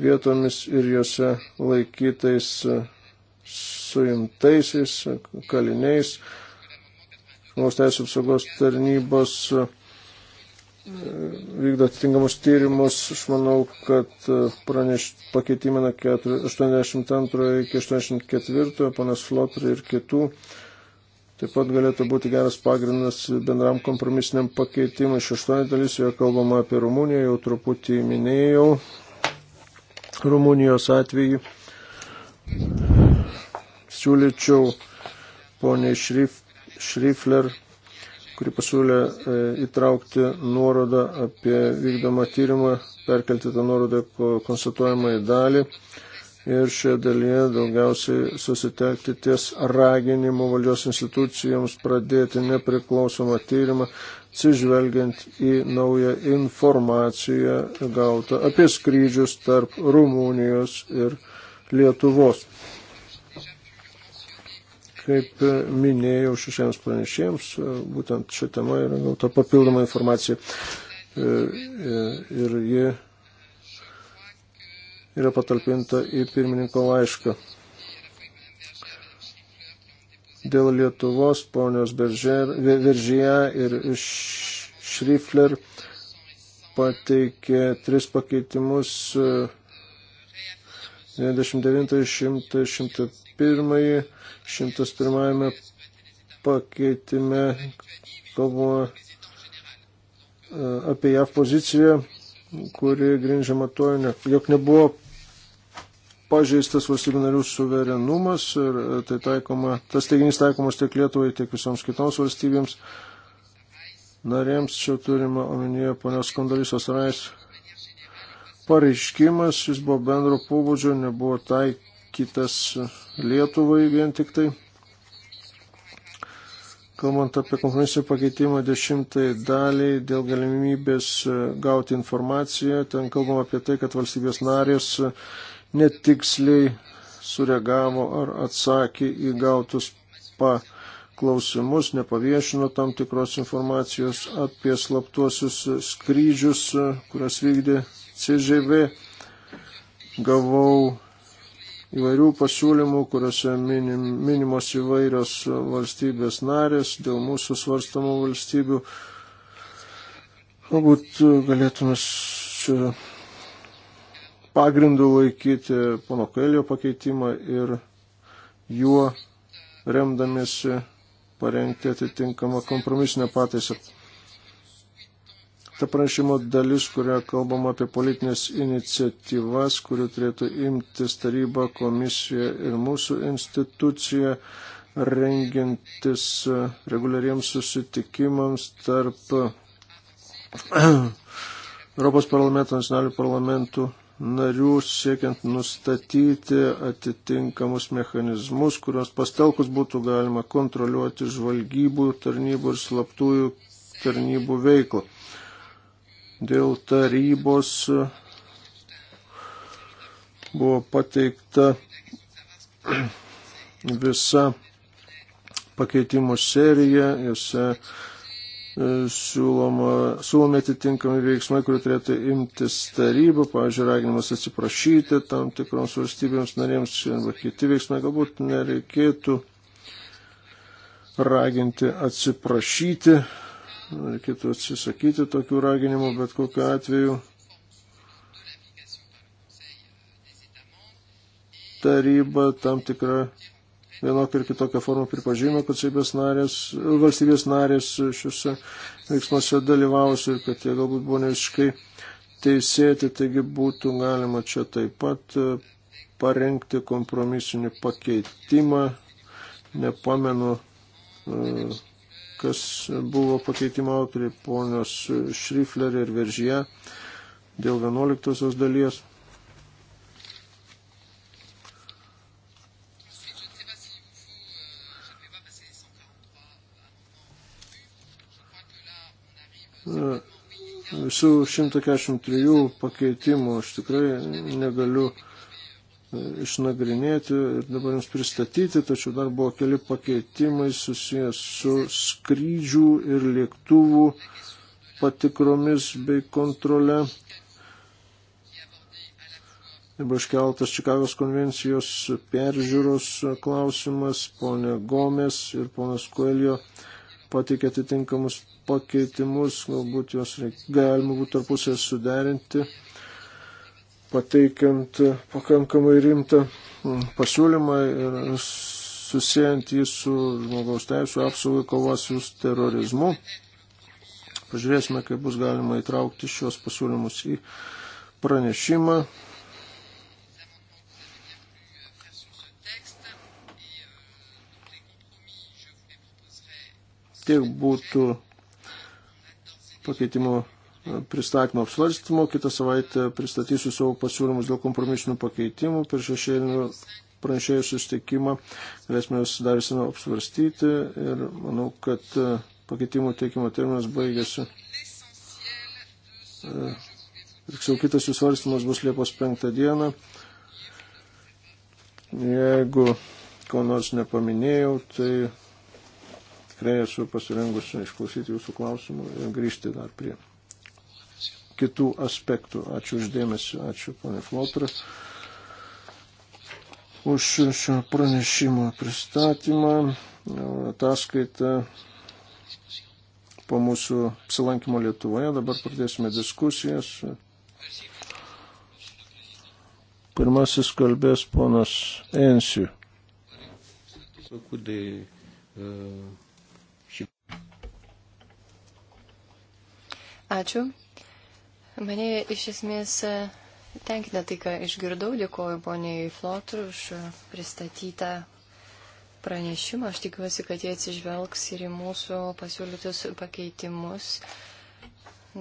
vietomis ir juose laikytais e, suimtaisiais kaliniais žmogaus teisų apsaugos tarnybos e, vykdo atitinkamus tyrimus. Aš manau, kad e, praneš pakeitimą nuo 82 iki 84, panas Flotri ir kitų. Taip pat galėtų būti geras pagrindas bendram kompromisiniam pakeitimui. Šeštoji dalis, joje kalbama apie Rumuniją, jau truputį minėjau Rumunijos atvejį. Siūlyčiau poniai Šrif Šrifler, kuri pasiūlė e, įtraukti nuorodą apie vykdomą tyrimą, perkelti tą nuorodą konstatuojamą į dalį. Ir šioje dalyje daugiausiai susitelkti ties raginimu valdžios institucijoms pradėti nepriklausomą tyrimą, atsižvelgiant į naują informaciją gautą apie skrydžius tarp Rumunijos ir Lietuvos. Kaip minėjau šešiems pranešėjams, būtent šią temą yra gauta papildoma informacija e, e, ir ji yra patalpinta į pirmininko laišką. Dėl Lietuvos ponios Veržyje ir Šrifler pateikė tris pakeitimus 99, e, 100, 101, 101 pakeitime kalbama e, apie JAV poziciją, kuri grindžiama to, jog nebuvo pažeistas valstybinarių suverenumas ir e, tai taikoma, tas teiginys taikomas tiek Lietuvai, tiek visoms kitoms valstybėms. Narėms čia turime omenyje ponios Kondolysos Rais pareiškimas, jis buvo bendro pobūdžio, nebuvo taik, kitas Lietuvai vien tik tai. Kalbant apie kompromisinį pakeitimą dešimtai daliai dėl galimybės gauti informaciją, ten kalbam apie tai, kad valstybės narės netiksliai sureagavo ar atsakė į gautus paklausimus, nepaviešino tam tikros informacijos apie slaptuosius skrydžius, kurias vykdė CŽV. Gavau įvairių pasiūlymų, kuriuose minim, minimos įvairios valstybės narės dėl mūsų svarstamų valstybių. Galbūt galėtume čia pagrindų laikyti pono Kailio pakeitimą ir juo remdamėsi parengti atitinkamą kompromisinę pataisą ta pranešimo dalis, kurioje kalbama apie politinės iniciatyvas, kurių turėtų imtis taryba, komisija ir mūsų institucija, rengintis reguliariems susitikimams tarp Europos parlamento, nacionalinių parlamentų narių siekiant nustatyti atitinkamus mechanizmus, kurios pastelkus būtų galima kontroliuoti žvalgybų tarnybų ir slaptųjų tarnybų veiklą dėl tarybos buvo pateikta visa pakeitimų serija, jose e, siūloma, siūlomi atitinkami veiksmai, kurių turėtų imtis taryba, pavyzdžiui, raginimas atsiprašyti tam tikroms valstybėms narėms arba kiti veiksmai, galbūt nereikėtų raginti atsiprašyti reikėtų atsisakyti tokių raginimų, bet kokiu atveju taryba tam tikrą vienokią ir kitokią formą pripažino, kad narės, valstybės narės šiuose veiksmuose dalyvausi ir kad jie galbūt buvo ne visiškai teisėti, taigi būtų galima čia taip pat e, parengti kompromisinį pakeitimą, nepamenu. Uh, kas buvo pakeitimo autoriai, ponios Šrifler ir Veržyje, dėl 11 dalies. Visų 143 pakeitimų aš tikrai negaliu išnagrinėti ir dabar jums pristatyti, tačiau dar buvo keli pakeitimai susijęs su skrydžių ir lėktuvų patikromis bei kontrole. Dabar iškeltas Čikagos konvencijos peržiūros klausimas, ponė Gomes ir ponas Koelio pateikė atitinkamus pakeitimus, galbūt juos galima būtų tarpusės suderinti pateikiant pakankamai rimtą pasiūlymą ir susijant jį su žmogaus teisų apsaugai kovas su terorizmu. Pažiūrėsime, kaip bus galima įtraukti šios pasiūlymus į pranešimą. Tiek būtų pakeitimo pristatymo apsvarstymo. Kitą savaitę pristatysiu savo pasiūlymus dėl kompromisinių pakeitimų per šešėlinių pranešėjų susitikimą. Galėsime juos dar visame apsvarstyti ir manau, kad e, pakeitimų teikimo terminas baigėsi. E, tiksliau, kitas jų svarstymas bus Liepos 5 dieną. Jeigu ko nors nepaminėjau, tai tikrai esu pasirengusi išklausyti jūsų klausimų ir grįžti dar prie kitų aspektų. Ačiū uždėmesi, ačiū ponė Flotra už šio pranešimo pristatymą, ataskaitą po mūsų apsilankimo Lietuvoje. Dabar pradėsime diskusijas. Pirmasis kalbės ponas Ensiu. Ačiū. Mane iš esmės e, tenkina tai, ką išgirdau. Dėkuoju poniai Flotru už e, pristatytą pranešimą. Aš tikiuosi, kad jie atsižvelgs ir į mūsų pasiūlytus pakeitimus.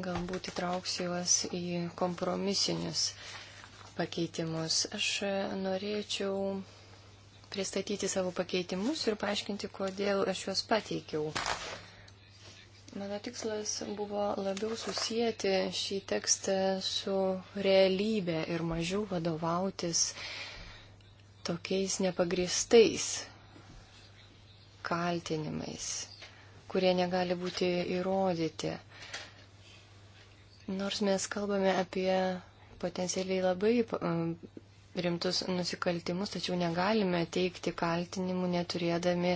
Galbūt įtrauksiu juos į kompromisinius pakeitimus. Aš e, norėčiau pristatyti savo pakeitimus ir paaiškinti, kodėl aš juos pateikiau. Mano tikslas buvo labiau susijęti šį tekstą su realybė ir mažiau vadovautis tokiais nepagristais kaltinimais, kurie negali būti įrodyti. Nors mes kalbame apie potencialiai labai rimtus nusikaltimus, tačiau negalime teikti kaltinimų neturėdami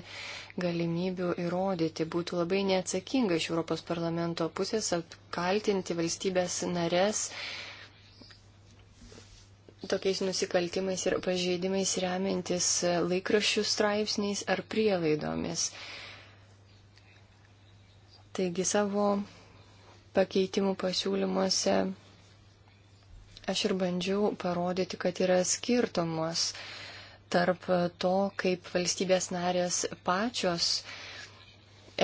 galimybių įrodyti. Būtų labai neatsakinga iš Europos parlamento pusės apkaltinti valstybės narės tokiais nusikaltimais ir pažeidimais remiantis laikraščių straipsniais ar prielaidomis. Taigi savo pakeitimų pasiūlymuose Aš ir bandžiau parodyti, kad yra skirtumas tarp to, kaip valstybės narės pačios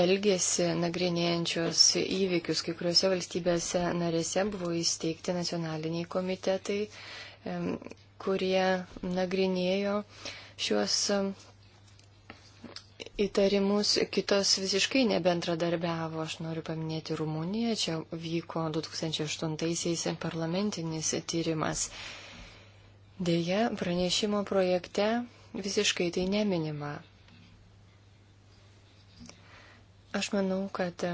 elgėsi nagrinėjančios įvykius. Kai kuriuose valstybėse narėse buvo įsteigti nacionaliniai komitetai, kurie nagrinėjo šiuos įtarimus, kitos visiškai nebendradarbiavo. Aš noriu paminėti Rumuniją. Čia vyko 2008-aisiais parlamentinis tyrimas. Deja, pranešimo projekte visiškai tai neminima. Aš manau, kad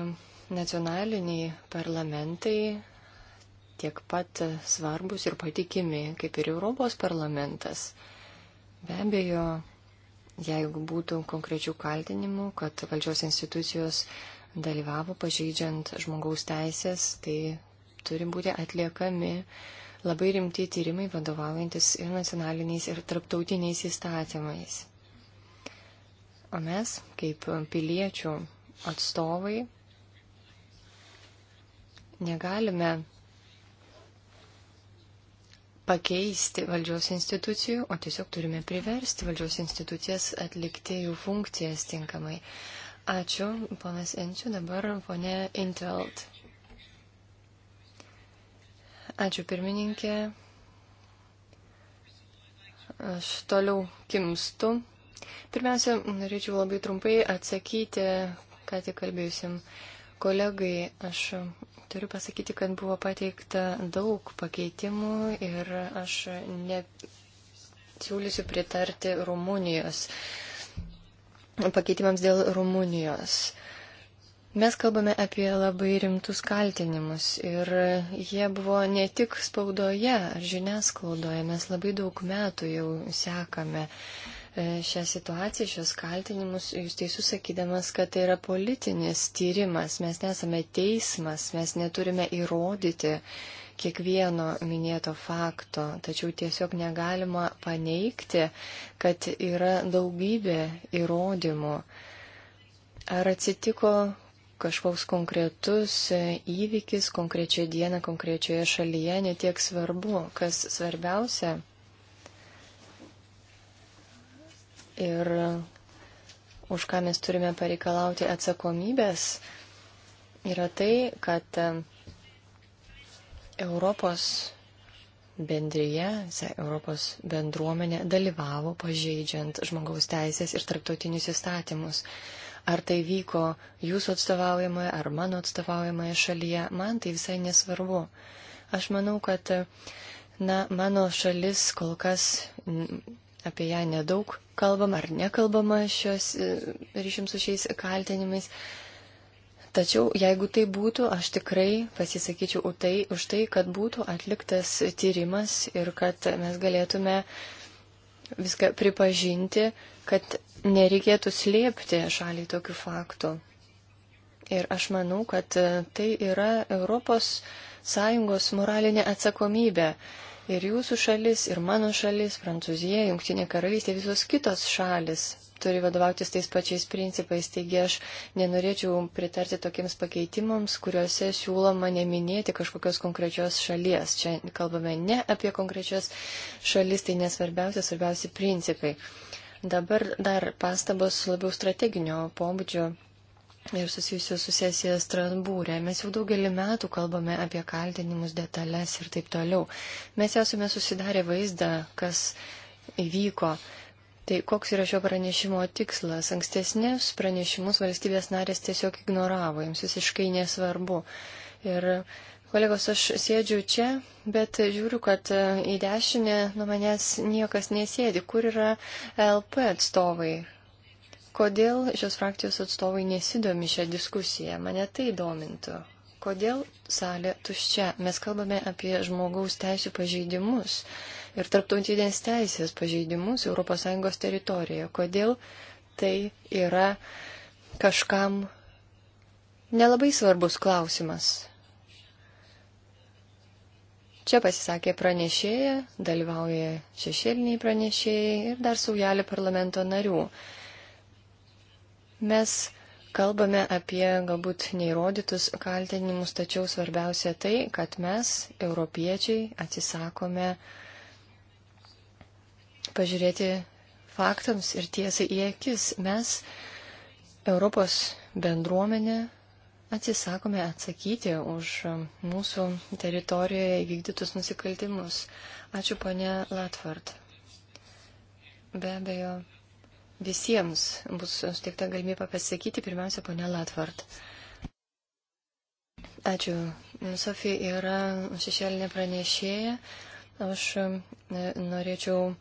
nacionaliniai parlamentai tiek pat svarbus ir patikimi kaip ir Europos parlamentas. Be abejo, jeigu būtų konkrečių kaltinimų, kad valdžios institucijos dalyvavo pažeidžiant žmogaus teisės, tai turi būti atliekami labai rimti tyrimai vadovaujantis ir nacionaliniais, ir tarptautiniais įstatymais. O mes, kaip piliečių atstovai, negalime pakeisti valdžios institucijų, o tiesiog turime priversti valdžios institucijas atlikti jų funkcijas tinkamai. Ačiū, ponas Enčiu, dabar ponė Intveld. Ačiū, pirmininkė. Aš toliau kimstu. Pirmiausia, norėčiau labai trumpai atsakyti, ką tik kalbėjusim kolegai. Aš Turiu pasakyti, kad buvo pateikta daug pakeitimų ir aš ne siūlysiu pritarti Rumunijos pakeitimams dėl Rumunijos. Mes kalbame apie labai rimtus kaltinimus ir jie buvo ne tik spaudoje ar žiniasklaidoje, mes labai daug metų jau sekame E, šią situaciją, šios kaltinimus, jūs teisus sakydamas, kad tai yra politinis tyrimas, mes nesame teismas, mes neturime įrodyti kiekvieno minėto fakto, tačiau tiesiog negalima paneigti, kad yra daugybė įrodymų. Ar atsitiko kažkoks konkretus įvykis konkrečią dieną konkrečioje šalyje, netiek svarbu, kas svarbiausia ir už ką mes turime pareikalauti atsakomybės, yra tai, kad Europos bendryje, Europos bendruomenė dalyvavo pažeidžiant žmogaus teisės ir tarptautinius įstatymus. Ar tai vyko jūsų atstovaujamoje ar mano atstovaujamoje šalyje, man tai visai nesvarbu. Aš manau, kad na, mano šalis kol kas apie ją nedaug kalbama ar nekalbama šios e, ryšim su šiais kaltinimais. Tačiau jeigu tai būtų, aš tikrai pasisakyčiau už tai, už tai, kad būtų atliktas tyrimas ir kad mes galėtume viską pripažinti, kad nereikėtų slėpti šaliai tokių faktų. Ir aš manau, kad tai yra Europos Sąjungos moralinė atsakomybė Ir jūsų šalis, ir mano šalis, Prancūzija, Junktinė karalystė, visos kitos šalis turi vadovautis tais pačiais principais. Taigi aš nenorėčiau pritarti tokiems pakeitimams, kuriuose siūloma neminėti kažkokios konkrečios šalies. Čia kalbame ne apie konkrečias šalis, tai nesvarbiausia, svarbiausi principai. Dabar dar pastabos labiau strateginio pobūdžio ir susijusių su sesija Strasbūrė. Mes jau daugelį metų kalbame apie kaltinimus, detalės ir taip toliau. Mes esame susidarę vaizdą, kas įvyko. Tai koks yra šio pranešimo tikslas? Ankstesnius pranešimus valstybės narės tiesiog ignoravo, jiems visiškai nesvarbu. Ir Kolegos, aš sėdžiu čia, bet žiūriu, kad į dešinę nuo manęs niekas nesėdi. Kur yra LP atstovai? Kodėl šios frakcijos atstovai nesidomi šią diskusiją? Mane tai domintų. Kodėl salė tuščia? Mes kalbame apie žmogaus teisų pažeidimus ir tarptautinės teisės pažeidimus ES teritorijoje. Kodėl tai yra kažkam nelabai svarbus klausimas? Čia pasisakė pranešėja, dalyvauja šešėliniai pranešėjai ir dar saujelė parlamento narių. Mes kalbame apie galbūt neįrodytus kaltinimus, tačiau svarbiausia tai, kad mes, europiečiai, atsisakome pažiūrėti faktams ir tiesai į akis. Mes, Europos bendruomenė, atsisakome atsakyti už mūsų teritorijoje įvykdytus nusikaltimus. Ačiū, ponė Latvart. Be abejo, visiems bus suteikta galimybė pasakyti, pirmiausia, ponė Latvart. Ačiū. Sofija yra šešėlinė pranešėja. Aš e, norėčiau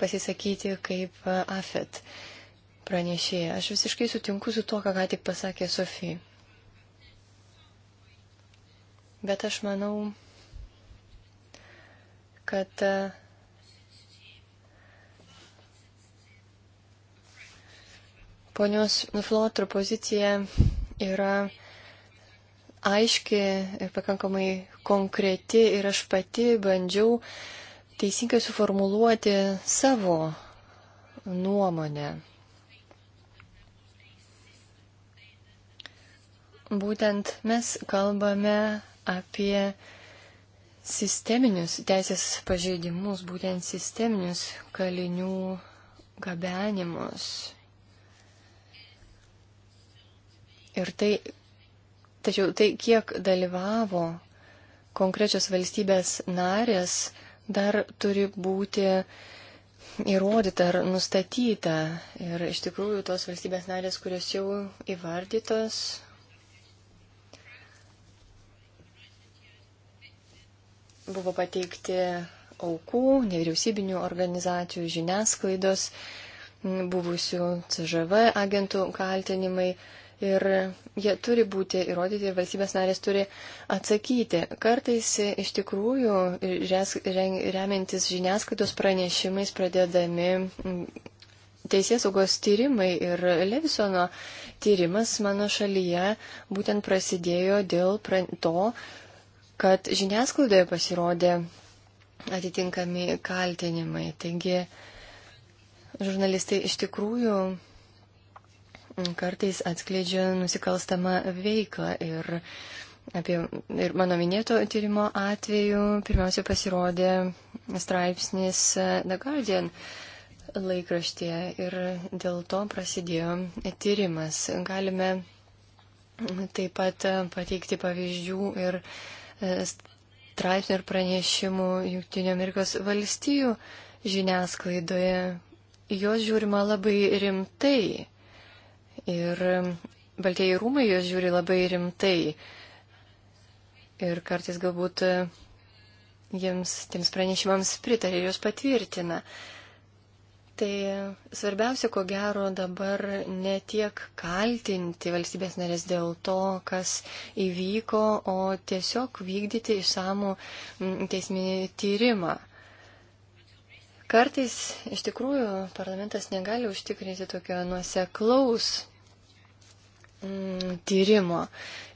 pasisakyti kaip AFET pranešėja. Aš visiškai sutinku su to, ką ką tik pasakė Sofija. Bet aš manau, kad uh, Ponios Nuflotro pozicija yra aiški ir pakankamai konkreti ir aš pati bandžiau teisingai suformuluoti savo nuomonę. Būtent mes kalbame apie sisteminius teisės pažeidimus, būtent sisteminius kalinių gabenimus. Ir tai, tačiau tai, kiek dalyvavo konkrečios valstybės narės, dar turi būti įrodyta ar nustatyta. Ir iš tikrųjų tos valstybės narės, kurios jau įvardytos, buvo pateikti aukų, nevyriausybinių organizacijų, žiniasklaidos, buvusių CŽV agentų kaltinimai ir jie turi būti įrodyti ir valstybės narės turi atsakyti. Kartais iš tikrųjų, remiantis žiniasklaidos pranešimais, pradedami teisės saugos tyrimai ir Levisono tyrimas mano šalyje būtent prasidėjo dėl to, kad žiniasklaidoje pasirodė atitinkami kaltinimai. Taigi, žurnalistai iš tikrųjų kartais atskleidžia nusikalstamą veiklą. Ir, apie, ir mano minėto tyrimo atveju pirmiausia pasirodė straipsnis The Guardian laikraštėje ir dėl to prasidėjo tyrimas. Galime taip pat pateikti pavyzdžių ir e, straipsnių ir pranešimų Junktinio Amerikos valstijų žiniasklaidoje. Jos žiūrima labai rimtai Ir baltieji rūmai juos žiūri labai rimtai. Ir kartais galbūt e, jiems tiems pranešimams pritarė ir juos patvirtina. Tai svarbiausia, ko gero, dabar ne tiek kaltinti valstybės narės dėl to, kas įvyko, o tiesiog vykdyti išsamų teisminį tyrimą. Kartais iš tikrųjų parlamentas negali užtikrinti tokio nuoseklaus mm, tyrimo.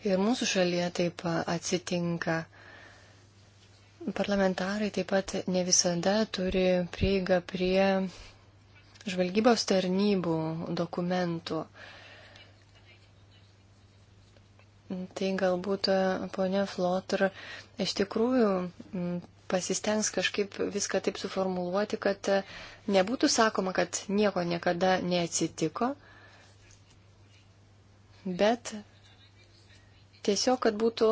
Ir mūsų šalyje taip atsitinka. Parlamentarai taip pat ne visada turi prieigą prie žvalgybos tarnybų dokumentų. Tai galbūt ponia Flotr iš tikrųjų mm, pasistengs kažkaip viską taip suformuluoti, kad nebūtų sakoma, kad nieko niekada neatsitiko, bet tiesiog, kad būtų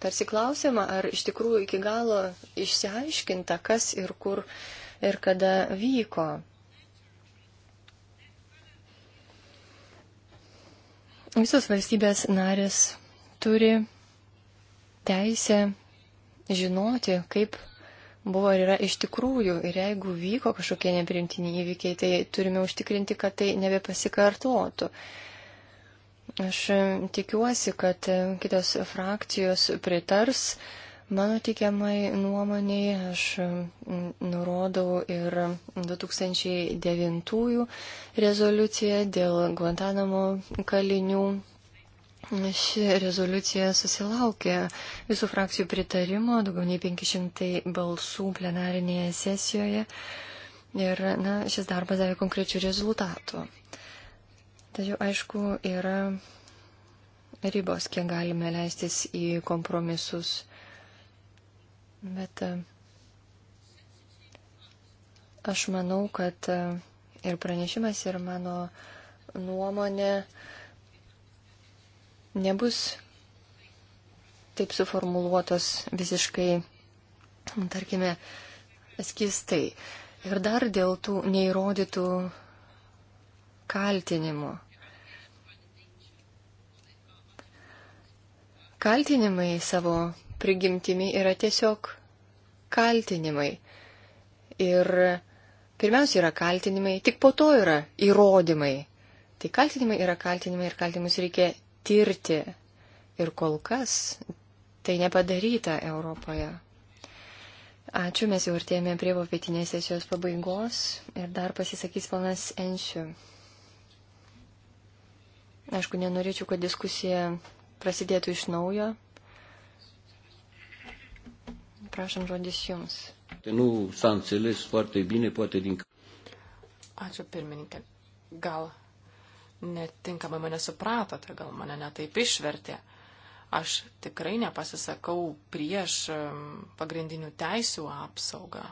tarsi klausima, ar iš tikrųjų iki galo išsiaiškinta, kas ir kur ir kada vyko. Visos valstybės narės turi teisę žinoti, kaip buvo ir yra iš tikrųjų. Ir jeigu vyko kažkokie neprimtini įvykiai, tai turime užtikrinti, kad tai nebepasikartotų. Aš tikiuosi, kad kitos frakcijos pritars mano teikiamai nuomoniai. Aš nurodau ir 2009 rezoliuciją dėl Guantanamo kalinių. Ši rezoliucija susilaukė visų frakcijų pritarimo, daugiau nei 500 balsų plenarinėje sesijoje. Ir na, šis darbas davė konkrečių rezultatų. Tačiau, aišku, yra ribos, kiek galime leistis į kompromisus. Bet e, aš manau, kad e, ir pranešimas, ir mano nuomonė nebus taip suformuluotos visiškai, tarkime, skistai. Ir dar dėl tų neįrodytų kaltinimų. Kaltinimai savo prigimtimi yra tiesiog kaltinimai. Ir pirmiausia yra kaltinimai, tik po to yra įrodymai. Tai kaltinimai yra kaltinimai ir kaltinimus reikia tirti. Ir kol kas tai nepadaryta Europoje. Ačiū, mes jau artėjame prie popietinės sesijos pabaigos ir dar pasisakys panas Enšiu. Aišku, nenorėčiau, kad diskusija prasidėtų iš naujo. Prašom žodis jums. Nu, s-a înțeles foarte bine, poate din... Ačiū pirmininkė. Gal netinkamai mane supratote, gal mane netaip išvertė. Aš tikrai nepasisakau prieš pagrindinių teisių apsaugą.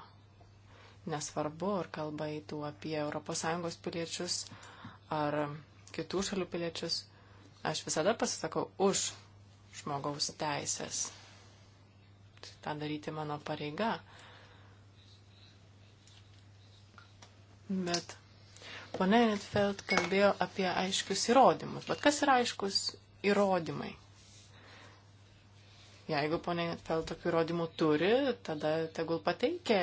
Nesvarbu, ar kalba eitų apie ES piliečius ar kitų šalių piliečius. Aš visada pasisakau už žmogaus teisės. Ta daryti mano pareiga. Bet Pone Netfeld kalbėjo apie aiškius įrodymus. Bet kas yra aiškus įrodymai? Jeigu ponė Netfeld tokių įrodymų turi, tada tegul pateikė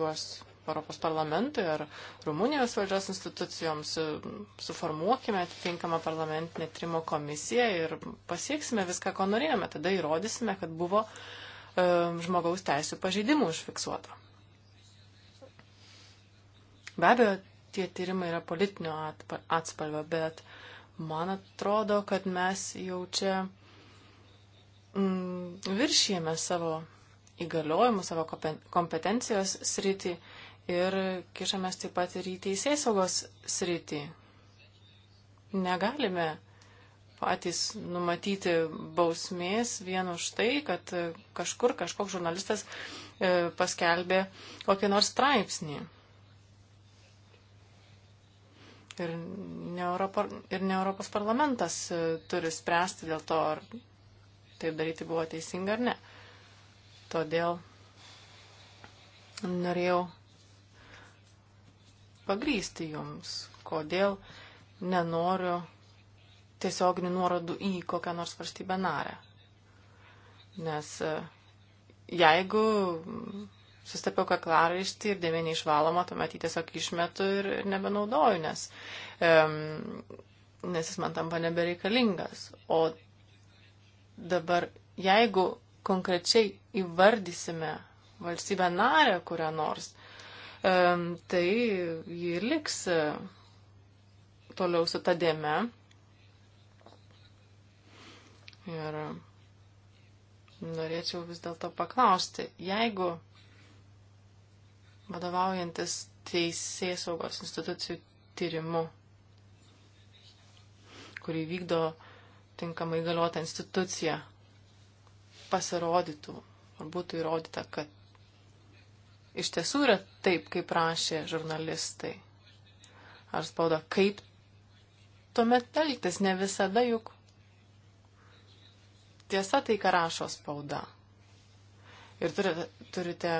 juos Europos parlamentui ar Rumunijos valdžios institucijoms, suformuokime atitinkamą parlamentinę trimo komisiją ir pasieksime viską, ko norėjome. Tada įrodysime, kad buvo e, žmogaus teisų pažeidimų užfiksuota. Be abejo, tie tyrimai yra politinio atspalvio, bet man atrodo, kad mes jau čia mm, viršijame savo įgaliojimų, savo kompetencijos sritį ir kišamės taip pat ir į teisės saugos sritį. Negalime patys numatyti bausmės vien už tai, kad kažkur kažkoks žurnalistas e, paskelbė kokį nors straipsnį. Ir ne, Europo, ir ne Europos parlamentas e, turi spręsti dėl to, ar taip daryti buvo teisinga ar ne. Todėl norėjau pagrysti jums, kodėl nenoriu tiesioginių nuorodų į kokią nors valstybę narę. Nes e, jeigu sustapiau kaklaraištį ir dėmenį išvaloma, tuomet jį tiesiog išmetu ir nebenaudoju, nes, um, nes jis man tampa nebereikalingas. O dabar, jeigu konkrečiai įvardysime valstybę narę kurią nors, uh, tai ji ir liks e, toliau su ta dėme. Ir e, norėčiau vis dėlto paklausti, jeigu vadovaujantis teisės saugos institucijų tyrimu, kurį vykdo tinkamai galiota institucija, pasirodytų ar būtų įrodyta, kad iš tiesų yra taip, kaip rašė žurnalistai ar spauda, kaip tuomet elgtis, ne visada juk tiesa tai, ką rašo spauda. Ir turite, turite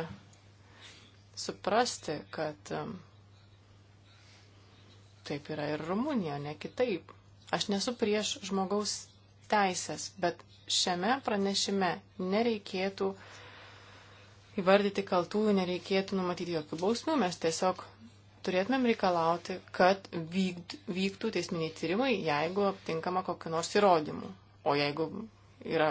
suprasti, kad um, taip yra ir Rumunija, ne kitaip. Aš nesu prieš žmogaus teisės, bet šiame pranešime nereikėtų uh, įvardyti kaltųjų, nereikėtų numatyti jokių bausmių, mes tiesiog turėtumėm reikalauti, kad vykd, vyktų teisminiai tyrimai, jeigu aptinkama kokiu nors įrodymu. O jeigu yra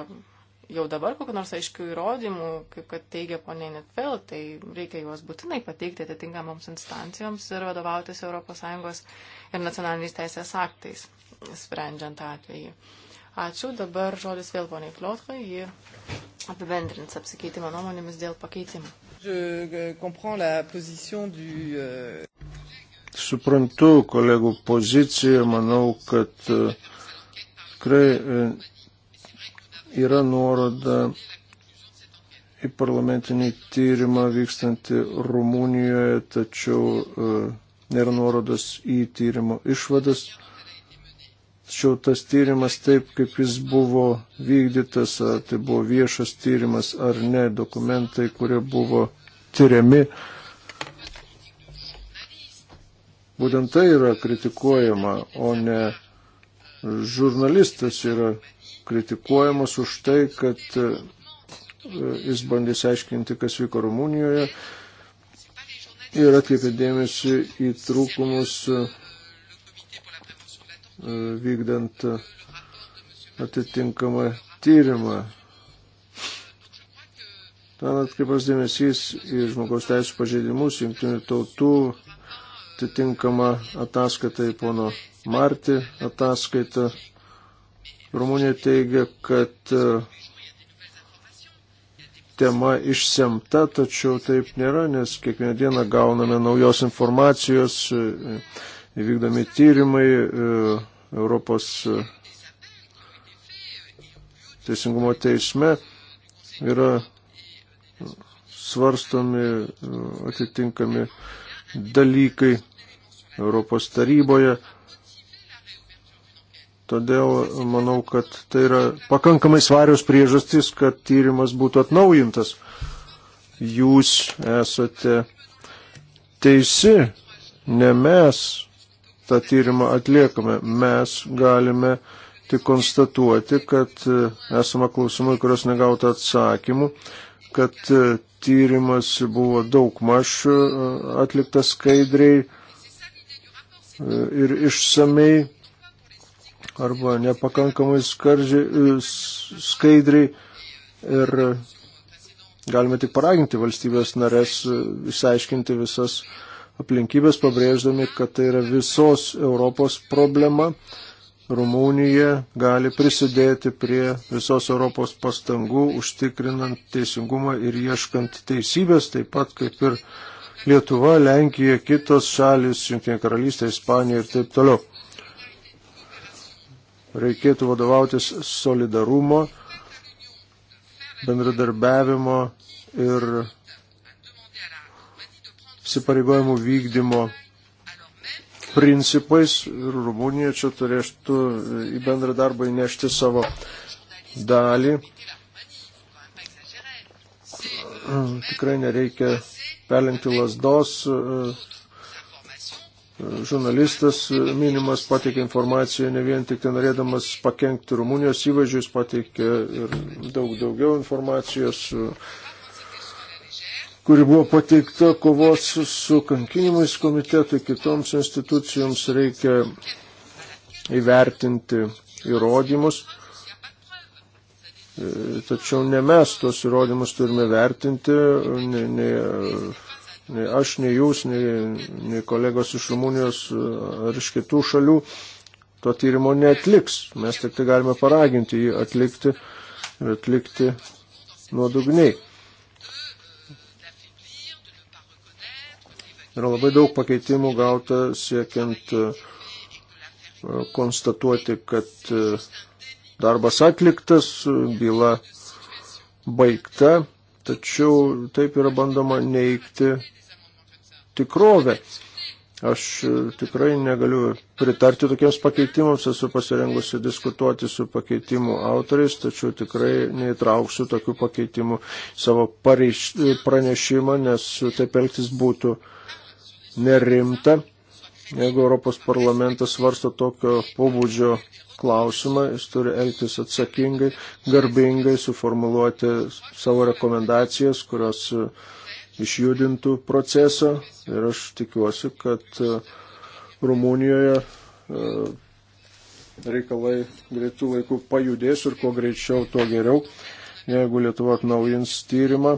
jau dabar kokiu nors aiškių įrodymų, kaip kad teigia ponė Netfeld, tai reikia juos būtinai pateikti atitinkamoms instancijoms ir vadovautis ES ir nacionaliniais teisės aktais, sprendžiant atvejį. Ačiū. Dabar žodis vėl poniai Flotkai. Ji apibendrins apsikeitimą nuomonėmis dėl pakeitimų. Eh, eh, Suprantu kolegų poziciją, manau, kad eh, tikrai yra nuoroda į parlamentinį tyrimą vykstantį Rumunijoje, tačiau nėra nuorodas į tyrimo išvadas. Tačiau tas tyrimas taip, kaip jis buvo vykdytas, ar tai buvo viešas tyrimas ar ne, dokumentai, kurie buvo tyriami. Būtent tai yra kritikuojama, o ne žurnalistas yra kritikuojamas už tai, kad e, jis bandė aiškinti, kas vyko Rumunijoje ir atkreipė dėmesį į trūkumus e, E, vykdant atitinkamą tyrimą. Ten atkreipas dėmesys į žmogaus teisų pažeidimus, jungtinių tautų atitinkama ataskaita į pono Marti ataskaitą. Rumunija teigia, kad e, tema išsemta, tačiau taip nėra, nes kiekvieną dieną gauname naujos informacijos, e, vykdomi tyrimai, Europos e, teisingumo teisme yra svarstomi e, atitinkami dalykai Europos taryboje. Todėl manau, kad tai yra pakankamai svarios priežastys, kad tyrimas būtų atnaujintas. Jūs esate teisi, ne mes tą tyrimą atliekame. Mes galime tik konstatuoti, kad e, esama klausimų, kurios negauta atsakymų, kad e, tyrimas buvo daug maž e, atliktas skaidriai ir išsamei arba nepakankamai skardžiai, skaidriai ir galime tik paraginti valstybės narės išsiaiškinti visas aplinkybės, pabrėždami, kad tai yra visos Europos problema. Rumunija gali prisidėti prie visos Europos pastangų, užtikrinant teisingumą ir ieškant teisybės, taip pat kaip ir Lietuva, Lenkija, kitos šalis, Junktinė karalystė, Ispanija ir taip toliau. Reikėtų vadovautis solidarumo, bendradarbiavimo ir įsipareigojimų vykdymo principais ir Rumunija čia turėtų į bendrą darbą įnešti savo dalį. Tikrai nereikia perlenkti lasdos. Žurnalistas minimas pateikė informaciją ne vien tik tai norėdamas pakengti Rumunijos įvaizdžius, pateikė ir daug daugiau informacijos kuri buvo pateikta kovos su kankinimais komitetui, kitoms institucijoms reikia įvertinti įrodymus. E, tačiau ne mes tuos įrodymus turime vertinti, nei, nei, nei aš, nei jūs, nei, nei kolegos iš Rumunijos e, ar iš kitų šalių to tyrimo netliks. Mes tik tai galime paraginti jį atlikti ir atlikti nuodugniai. Yra labai daug pakeitimų gauta siekiant e, konstatuoti, kad e, darbas atliktas, byla baigta, tačiau taip yra bandoma neikti tikrovę. Aš e, tikrai negaliu pritarti tokiems pakeitimams, esu pasirengusi diskutuoti su pakeitimų autoriais, tačiau tikrai neįtrauksiu tokių pakeitimų savo pareiš, pranešimą, nes taip elgtis būtų nerimta, jeigu Europos parlamentas svarsto tokio pobūdžio klausimą, jis turi elgtis atsakingai, garbingai, suformuluoti savo rekomendacijas, kurios e, išjudintų procesą. Ir aš tikiuosi, kad e, Rumunijoje e, reikalai greitų laikų pajudės ir kuo greičiau, tuo geriau. Jeigu Lietuva atnaujins tyrimą,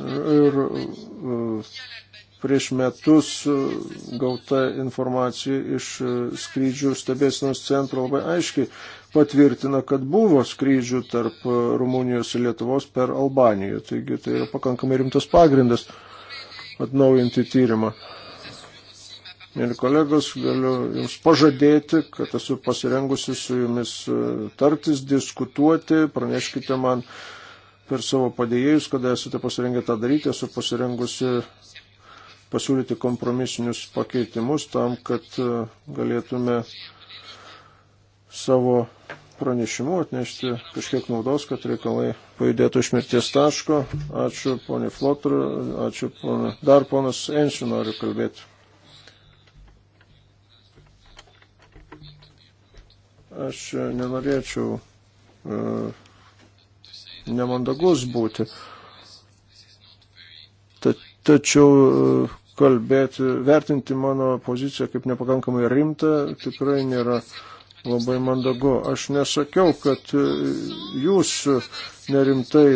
Ir e, prieš metus e, gauta informacija iš e, skrydžių stebėsinos centro labai aiškiai patvirtina, kad buvo skrydžių tarp Rumunijos ir Lietuvos per Albaniją. Taigi tai yra pakankamai rimtas pagrindas atnaujinti tyrimą. Mėly kolegos, galiu Jums pažadėti, kad esu pasirengusi su Jumis tartis, diskutuoti, praneškite man per savo padėjėjus, kada esate pasirengę tą daryti, esu pasirengusi pasiūlyti kompromisinius pakeitimus tam, kad e, galėtume savo pranešimu atnešti kažkiek naudos, kad reikalai pajudėtų iš mirties taško. Ačiū ponė Flotru, ačiū ponė. Dar ponas Ensiu noriu kalbėti. Aš nenorėčiau uh, nemandagus būti. Ta, tačiau e, kalbėti, vertinti mano poziciją kaip nepakankamai rimtą tikrai nėra labai mandagu. Aš nesakiau, kad e, jūs nerimtai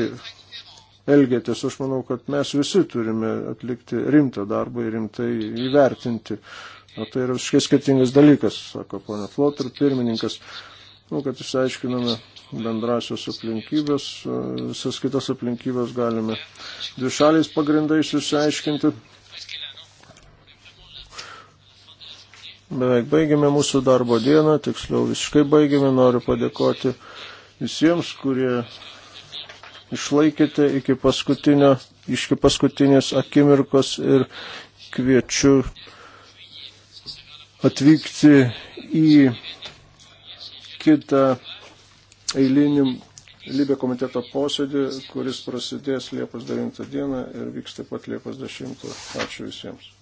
elgėtės. Aš manau, kad mes visi turime atlikti rimtą darbą ir rimtai įvertinti. O tai yra visiškai skirtingas dalykas, sako ponia Flotter, pirmininkas. Nu, kad išsiaiškiname bendrasios aplinkybės, e, visas kitas aplinkybės galime dvišaliais pagrindais išsiaiškinti. Beveik baigėme mūsų darbo dieną, tiksliau visiškai baigėme, noriu padėkoti visiems, kurie išlaikėte iki, iki paskutinės akimirkos ir kviečiu atvykti į kitą eilinim Libė komiteto posėdį, kuris prasidės Liepos 9 dieną ir vyks taip pat Liepos 10. Ačiū visiems.